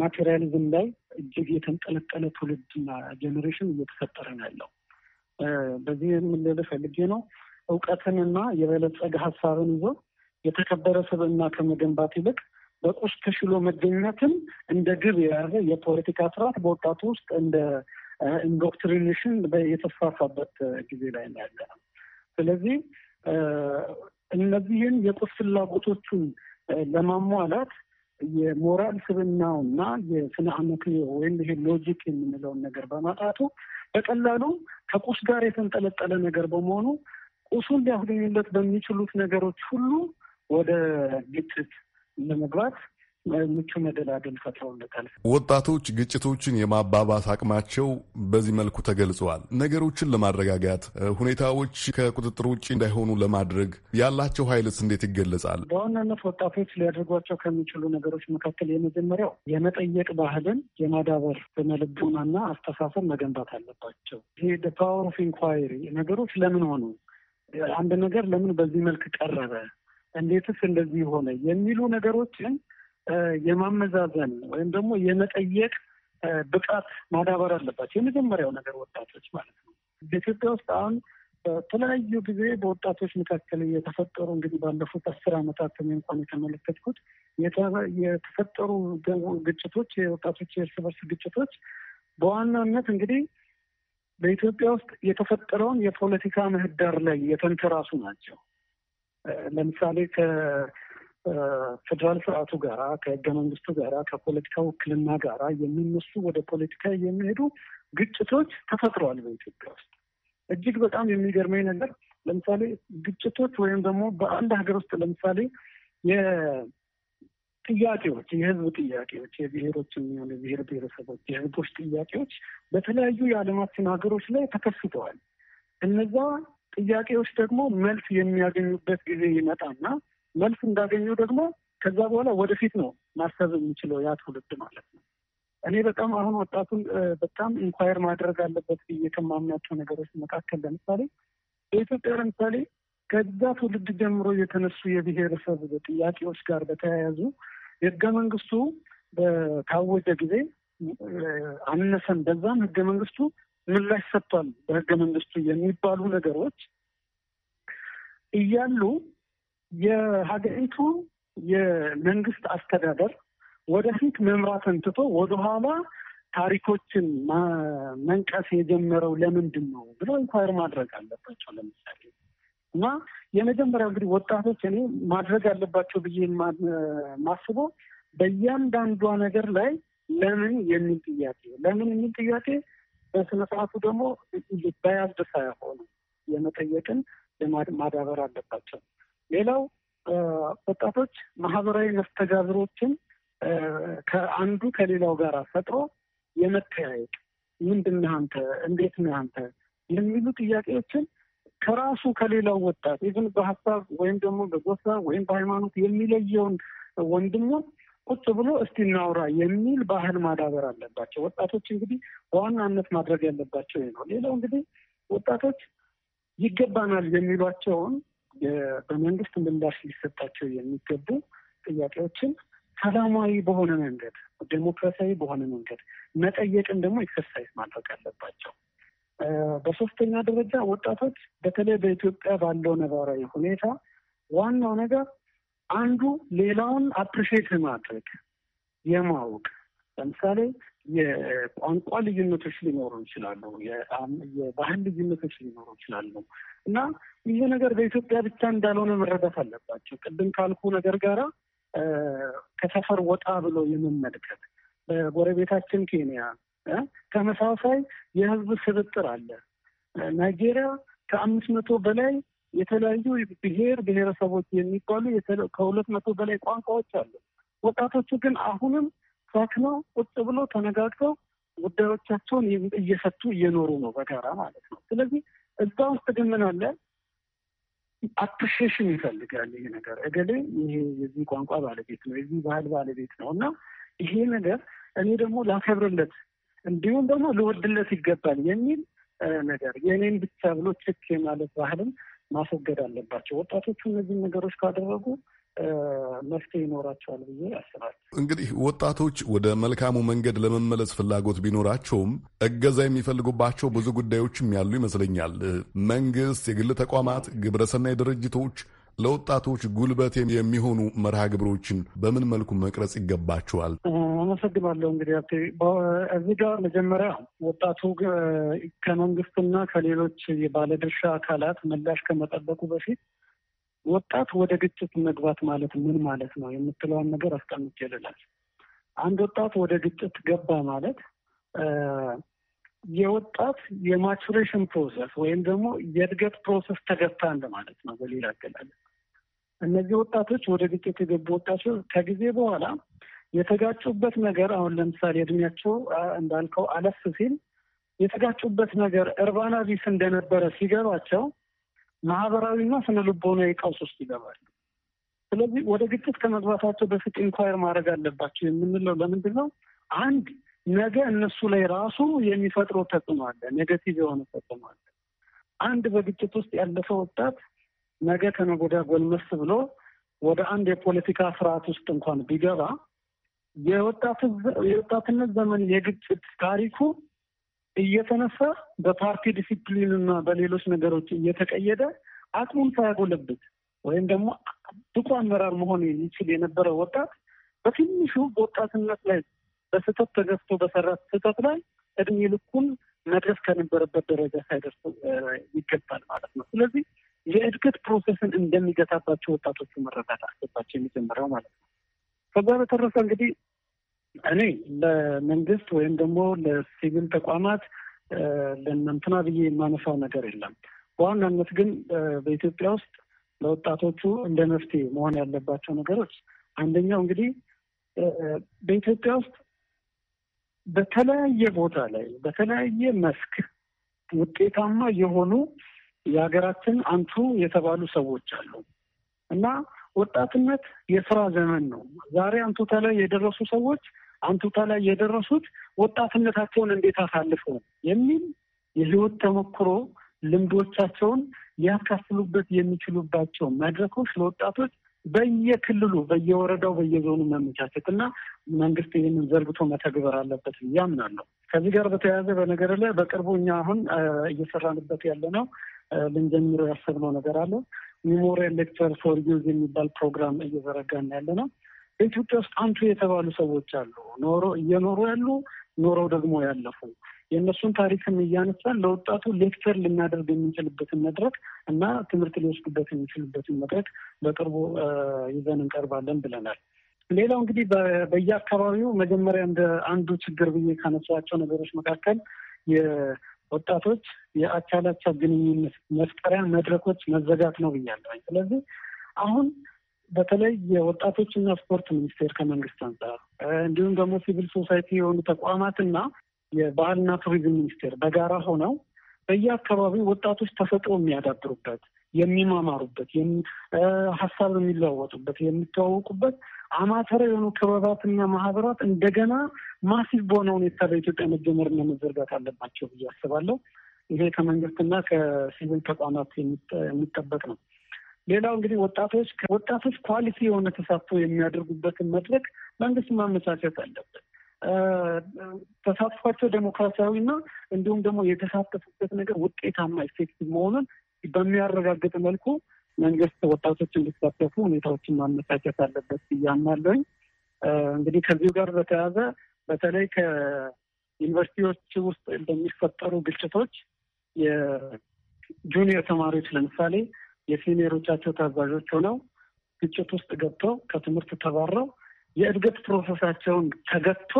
ማቴሪያሊዝም ላይ እጅግ የተንጠለጠለ ትውልድና ጀኔሬሽን እየተፈጠረ ነው ያለው። በዚህ የምልል ፈልጌ ነው እውቀትንና የበለጸገ ሀሳብን ይዞ የተከበረ ስብዕና ከመገንባት ይልቅ በቁስ ተሽሎ መገኘትን እንደ ግብ የያዘ የፖለቲካ ስርዓት በወጣቱ ውስጥ እንደ ኢንዶክትሪኔሽን የተስፋፋበት ጊዜ ላይ ያለ ነው። ስለዚህ እነዚህን የቁስ ፍላጎቶቹን ለማሟላት የሞራል ስብዕናውና የስነ አመክንዮ ወይም ይሄ ሎጂክ የምንለውን ነገር በማጣቱ በቀላሉ ከቁስ ጋር የተንጠለጠለ ነገር በመሆኑ ቁሱን ሊያስገኙለት በሚችሉት ነገሮች ሁሉ ወደ ግጭት ለመግባት ምቹ መደላደል ፈጥረውለታል። ወጣቶች ግጭቶችን የማባባስ አቅማቸው በዚህ መልኩ ተገልጸዋል። ነገሮችን ለማረጋጋት ሁኔታዎች ከቁጥጥር ውጭ እንዳይሆኑ ለማድረግ ያላቸው ኃይልስ እንዴት ይገለጻል? በዋናነት ወጣቶች ሊያደርጓቸው ከሚችሉ ነገሮች መካከል የመጀመሪያው የመጠየቅ ባህልን የማዳበር በመልቦናና አስተሳሰብ መገንባት አለባቸው። ይሄ ፓወር ኦፍ ኢንኳይሪ ነገሮች ለምን ሆኑ፣ አንድ ነገር ለምን በዚህ መልክ ቀረበ እንዴትስ እንደዚህ ሆነ የሚሉ ነገሮችን የማመዛዘን ወይም ደግሞ የመጠየቅ ብቃት ማዳበር አለባቸው። የመጀመሪያው ነገር ወጣቶች ማለት ነው። በኢትዮጵያ ውስጥ አሁን በተለያዩ ጊዜ በወጣቶች መካከል የተፈጠሩ እንግዲህ ባለፉት አስር ዓመታት እኔ እንኳን የተመለከትኩት የተፈጠሩ ግጭቶች፣ የወጣቶች የእርስ በርስ ግጭቶች በዋናነት እንግዲህ በኢትዮጵያ ውስጥ የተፈጠረውን የፖለቲካ ምህዳር ላይ የተንተራሱ ናቸው። ለምሳሌ ከፌዴራል ስርዓቱ ጋራ ከህገ መንግስቱ ጋራ ከፖለቲካ ውክልና ጋራ የሚነሱ ወደ ፖለቲካ የሚሄዱ ግጭቶች ተፈጥረዋል በኢትዮጵያ ውስጥ። እጅግ በጣም የሚገርመኝ ነገር ለምሳሌ ግጭቶች ወይም ደግሞ በአንድ ሀገር ውስጥ ለምሳሌ የጥያቄዎች የህዝብ ጥያቄዎች የብሔሮች የሚሆኑ የብሔር ብሔረሰቦች የህዝቦች ጥያቄዎች በተለያዩ የዓለማችን ሀገሮች ላይ ተከስተዋል። እነዛ ጥያቄዎች ደግሞ መልስ የሚያገኙበት ጊዜ ይመጣና መልስ እንዳገኙ ደግሞ ከዛ በኋላ ወደፊት ነው ማሰብ የሚችለው ያ ትውልድ ማለት ነው። እኔ በጣም አሁን ወጣቱን በጣም ኢንኳየር ማድረግ አለበት ብዬ ከማምናቸው ነገሮች መካከል ለምሳሌ በኢትዮጵያ ለምሳሌ ከዛ ትውልድ ጀምሮ የተነሱ የብሔረሰብ ጥያቄዎች ጋር በተያያዙ ህገ መንግስቱ በታወጀ ጊዜ አነሰን በዛም ህገ መንግስቱ ምላሽ ሰጥቷል በህገ መንግስቱ የሚባሉ ነገሮች እያሉ የሀገሪቱን የመንግስት አስተዳደር ወደፊት መምራትን ትቶ ወደኋላ ታሪኮችን መንቀስ የጀመረው ለምንድን ነው ብሎ ኢንኳየር ማድረግ አለባቸው። ለምሳሌ እና የመጀመሪያ እንግዲህ ወጣቶች እኔ ማድረግ አለባቸው ብዬ ማስበው በእያንዳንዷ ነገር ላይ ለምን የሚል ጥያቄ ለምን የሚል ጥያቄ በስነ ስርዓቱ ደግሞ በያዝድ ሳይሆኑ የመጠየቅን ማዳበር አለባቸው። ሌላው ወጣቶች ማህበራዊ መስተጋብሮችን ከአንዱ ከሌላው ጋር ፈጥሮ የመተያየቅ ምንድን ነህ አንተ፣ እንዴት ነህ አንተ የሚሉ ጥያቄዎችን ከራሱ ከሌላው ወጣት ይህን በሀሳብ ወይም ደግሞ በጎሳ ወይም በሃይማኖት የሚለየውን ወንድሙን ቁጭ ብሎ እስቲ እናውራ የሚል ባህል ማዳበር አለባቸው። ወጣቶች እንግዲህ በዋናነት ማድረግ ያለባቸው ነው። ሌላው እንግዲህ ወጣቶች ይገባናል የሚሏቸውን በመንግስት ምላሽ ሊሰጣቸው የሚገቡ ጥያቄዎችን ሰላማዊ በሆነ መንገድ፣ ዴሞክራሲያዊ በሆነ መንገድ መጠየቅን ደግሞ ኤክሰርሳይዝ ማድረግ አለባቸው። በሶስተኛ ደረጃ ወጣቶች በተለይ በኢትዮጵያ ባለው ነባራዊ ሁኔታ ዋናው ነገር አንዱ ሌላውን አፕሪሼት ማድረግ የማወቅ ለምሳሌ የቋንቋ ልዩነቶች ሊኖሩ ይችላሉ፣ የባህል ልዩነቶች ሊኖሩ ይችላሉ እና ይህ ነገር በኢትዮጵያ ብቻ እንዳልሆነ መረዳት አለባቸው። ቅድም ካልኩ ነገር ጋራ ከሰፈር ወጣ ብሎ የመመልከት በጎረቤታችን ኬንያ ተመሳሳይ የህዝብ ስብጥር አለ። ናይጄሪያ ከአምስት መቶ በላይ የተለያዩ ብሔር ብሔረሰቦች የሚባሉ ከሁለት መቶ በላይ ቋንቋዎች አሉ። ወጣቶቹ ግን አሁንም ሳክነው ቁጭ ብሎ ተነጋግተው ጉዳዮቻቸውን እየፈቱ እየኖሩ ነው በጋራ ማለት ነው። ስለዚህ እዛ ውስጥ ግን ምን አለ? አፕሪሺዬሽን ይፈልጋል። ይሄ ነገር እገሌ ይሄ የዚህ ቋንቋ ባለቤት ነው፣ የዚህ ባህል ባለቤት ነው እና ይሄ ነገር እኔ ደግሞ ላከብርለት እንዲሁም ደግሞ ልወድለት ይገባል የሚል ነገር የእኔን ብቻ ብሎ ችክ ማለት ባህልም ማስወገድ አለባቸው። ወጣቶቹ እነዚህን ነገሮች ካደረጉ መፍትሄ ይኖራቸዋል ብዬ ያስባል። እንግዲህ ወጣቶች ወደ መልካሙ መንገድ ለመመለስ ፍላጎት ቢኖራቸውም እገዛ የሚፈልጉባቸው ብዙ ጉዳዮችም ያሉ ይመስለኛል። መንግስት፣ የግል ተቋማት፣ ግብረሰናይ ድርጅቶች ለወጣቶች ጉልበት የሚሆኑ መርሃ ግብሮችን በምን መልኩ መቅረጽ ይገባቸዋል? አመሰግናለሁ። እንግዲህ እዚህ ጋር መጀመሪያ ወጣቱ ከመንግስትና ከሌሎች የባለድርሻ አካላት ምላሽ ከመጠበቁ በፊት ወጣት ወደ ግጭት መግባት ማለት ምን ማለት ነው የምትለውን ነገር አስቀምጬ ልላል። አንድ ወጣት ወደ ግጭት ገባ ማለት የወጣት የማቹሬሽን ፕሮሰስ ወይም ደግሞ የእድገት ፕሮሰስ ተገታ እንደማለት ነው። በሌላ አገላለ እነዚህ ወጣቶች ወደ ግጭት የገቡ ወጣቶች ከጊዜ በኋላ የተጋጩበት ነገር አሁን ለምሳሌ እድሜያቸው እንዳልከው አለፍ ሲል የተጋጩበት ነገር እርባና ቢስ እንደነበረ ሲገባቸው ማህበራዊና ስነ ልቦናዊ ቀውስ ውስጥ ይገባል። ስለዚህ ወደ ግጭት ከመግባታቸው በፊት ኢንኳየር ማድረግ አለባቸው የምንለው ለምንድን ነው? አንድ ነገ እነሱ ላይ ራሱ የሚፈጥረው ተጽዕኖ አለ፣ ኔጋቲቭ የሆነ ተጽዕኖ አለ። አንድ በግጭት ውስጥ ያለፈ ወጣት ነገ ከነጎዳ ጎልመስ ብሎ ወደ አንድ የፖለቲካ ስርዓት ውስጥ እንኳን ቢገባ የወጣትነት ዘመን የግጭት ታሪኩ እየተነሳ በፓርቲ ዲሲፕሊን እና በሌሎች ነገሮች እየተቀየደ አቅሙን ሳያጎለብት ወይም ደግሞ ብቁ አመራር መሆን የሚችል የነበረ ወጣት በትንሹ በወጣትነት ላይ በስህተት ተገፍቶ በሰራት ስህተት ላይ እድሜ ልኩን መድረስ ከነበረበት ደረጃ ሳይደርስ ይገባል ማለት ነው። ስለዚህ የእድገት ፕሮሰስን እንደሚገታባቸው ወጣቶቹ መረዳት አለባቸው፣ የሚጀምረው ማለት ነው። ከዛ በተረፈ እንግዲህ እኔ ለመንግስት ወይም ደግሞ ለሲቪል ተቋማት ለእናንትና ብዬ የማነሳው ነገር የለም። በዋናነት ግን በኢትዮጵያ ውስጥ ለወጣቶቹ እንደ መፍትሄ መሆን ያለባቸው ነገሮች አንደኛው እንግዲህ በኢትዮጵያ ውስጥ በተለያየ ቦታ ላይ በተለያየ መስክ ውጤታማ የሆኑ የሀገራችን አንቱ የተባሉ ሰዎች አሉ እና ወጣትነት የስራ ዘመን ነው። ዛሬ አንቱታ ላይ የደረሱ ሰዎች አንቱታ ላይ የደረሱት ወጣትነታቸውን እንዴት አሳልፈው የሚል የህይወት ተሞክሮ ልምዶቻቸውን ሊያካፍሉበት የሚችሉባቸው መድረኮች ለወጣቶች በየክልሉ በየወረዳው በየዞኑ መመቻቸት እና መንግስት ይህንን ዘርግቶ መተግበር አለበት ብዬ አምናለሁ። ከዚህ ጋር በተያያዘ በነገር ላይ በቅርቡ እኛ አሁን እየሰራንበት ያለ ነው ልንጀምረው ያሰብነው ነገር አለ። ሚሞሪያል ሌክቸር ፎር ዩዝ የሚባል ፕሮግራም እየዘረጋን ያለ ነው። በኢትዮጵያ ውስጥ አንቱ የተባሉ ሰዎች አሉ ኖሮ እየኖሩ ያሉ ኖረው ደግሞ ያለፉ የእነሱን ታሪክም እያነሳን ለወጣቱ ሌክቸር ልናደርግ የምንችልበትን መድረክ እና ትምህርት ሊወስዱበት የሚችሉበትን መድረክ በቅርቡ ይዘን እንቀርባለን ብለናል። ሌላው እንግዲህ በየአካባቢው መጀመሪያ እንደ አንዱ ችግር ብዬ ካነሳቸው ነገሮች መካከል የወጣቶች የአቻላቻ ግንኙነት መፍጠሪያ መድረኮች መዘጋት ነው ብያለሁ። ስለዚህ አሁን በተለይ የወጣቶችና ስፖርት ሚኒስቴር ከመንግስት አንጻር እንዲሁም ደግሞ ሲቪል ሶሳይቲ የሆኑ ተቋማትና የባህልና ቱሪዝም ሚኒስቴር በጋራ ሆነው በየአካባቢው ወጣቶች ተሰጥሮ የሚያዳብሩበት የሚማማሩበት፣ ሀሳብ የሚለዋወጡበት፣ የሚተዋወቁበት አማተር የሆኑ ክበባትና ማህበራት እንደገና ማሲቭ በሆነ ሁኔታ በኢትዮጵያ መጀመርና መዘርጋት አለባቸው ብዬ አስባለሁ። ይሄ ከመንግስትና ከሲቪል ተቋማት የሚጠበቅ ነው። ሌላው እንግዲህ ወጣቶች ወጣቶች ኳሊቲ የሆነ ተሳትፎ የሚያደርጉበትን መድረክ መንግስት ማመቻቸት አለበት። ተሳትፏቸው ዴሞክራሲያዊና እንዲሁም ደግሞ የተሳተፉበት ነገር ውጤታማ ኢፌክቲቭ መሆኑን በሚያረጋግጥ መልኩ መንግስት ወጣቶች እንዲሳተፉ ሁኔታዎችን ማመቻቸት አለበት ብያምናለሁ። እንግዲህ ከዚሁ ጋር በተያያዘ በተለይ ከዩኒቨርሲቲዎች ውስጥ እንደሚፈጠሩ ግጭቶች የጁኒየር ተማሪዎች ለምሳሌ የሲኒየሮቻቸው ታዛዦች ሆነው ግጭት ውስጥ ገብተው ከትምህርት ተባረው የእድገት ፕሮሰሳቸውን ተገጥቶ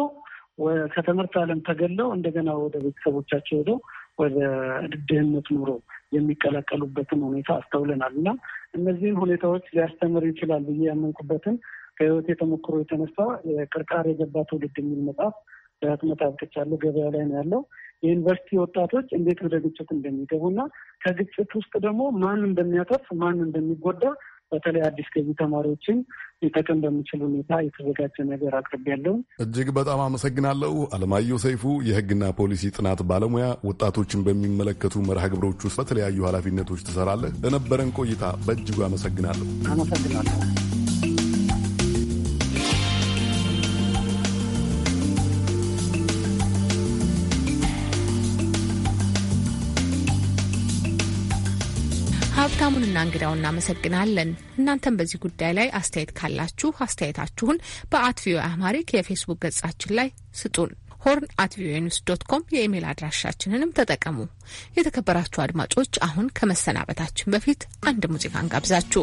ከትምህርት ዓለም ተገለው እንደገና ወደ ቤተሰቦቻቸው ሄደው ወደ ድህነት ኑሮ የሚቀላቀሉበትን ሁኔታ አስተውለናል እና እነዚህን ሁኔታዎች ሊያስተምር ይችላል ብዬ ያመንኩበትን ከህይወት የተሞክሮ የተነሳ የቅርቃር የገባ ትውልድ የሚል መጽሐፍ ለህትመት አብቅቻለሁ። ገበያ ላይ ነው ያለው። የዩኒቨርሲቲ ወጣቶች እንዴት ወደ ግጭት እንደሚገቡና ከግጭት ውስጥ ደግሞ ማን እንደሚያተርፍ ማን እንደሚጎዳ በተለይ አዲስ ገቢ ተማሪዎችን ሊጠቅም በሚችል ሁኔታ የተዘጋጀ ነገር አቅርብ ያለው። እጅግ በጣም አመሰግናለሁ። አለማየሁ ሰይፉ የህግና ፖሊሲ ጥናት ባለሙያ፣ ወጣቶችን በሚመለከቱ መርሃ ግብሮች ውስጥ በተለያዩ ኃላፊነቶች ትሰራለህ። ለነበረን ቆይታ በእጅጉ አመሰግናለሁ። አመሰግናለሁ። እንግዳው እናመሰግናለን። እናንተም በዚህ ጉዳይ ላይ አስተያየት ካላችሁ አስተያየታችሁን በአት አማሪክ የፌስቡክ ገጻችን ላይ ስጡን። ሆርን አት ቪኦኤ ኒውስ ዶት ኮም የኢሜይል አድራሻችንንም ተጠቀሙ። የተከበራችሁ አድማጮች፣ አሁን ከመሰናበታችን በፊት አንድ ሙዚቃን ጋብዛችሁ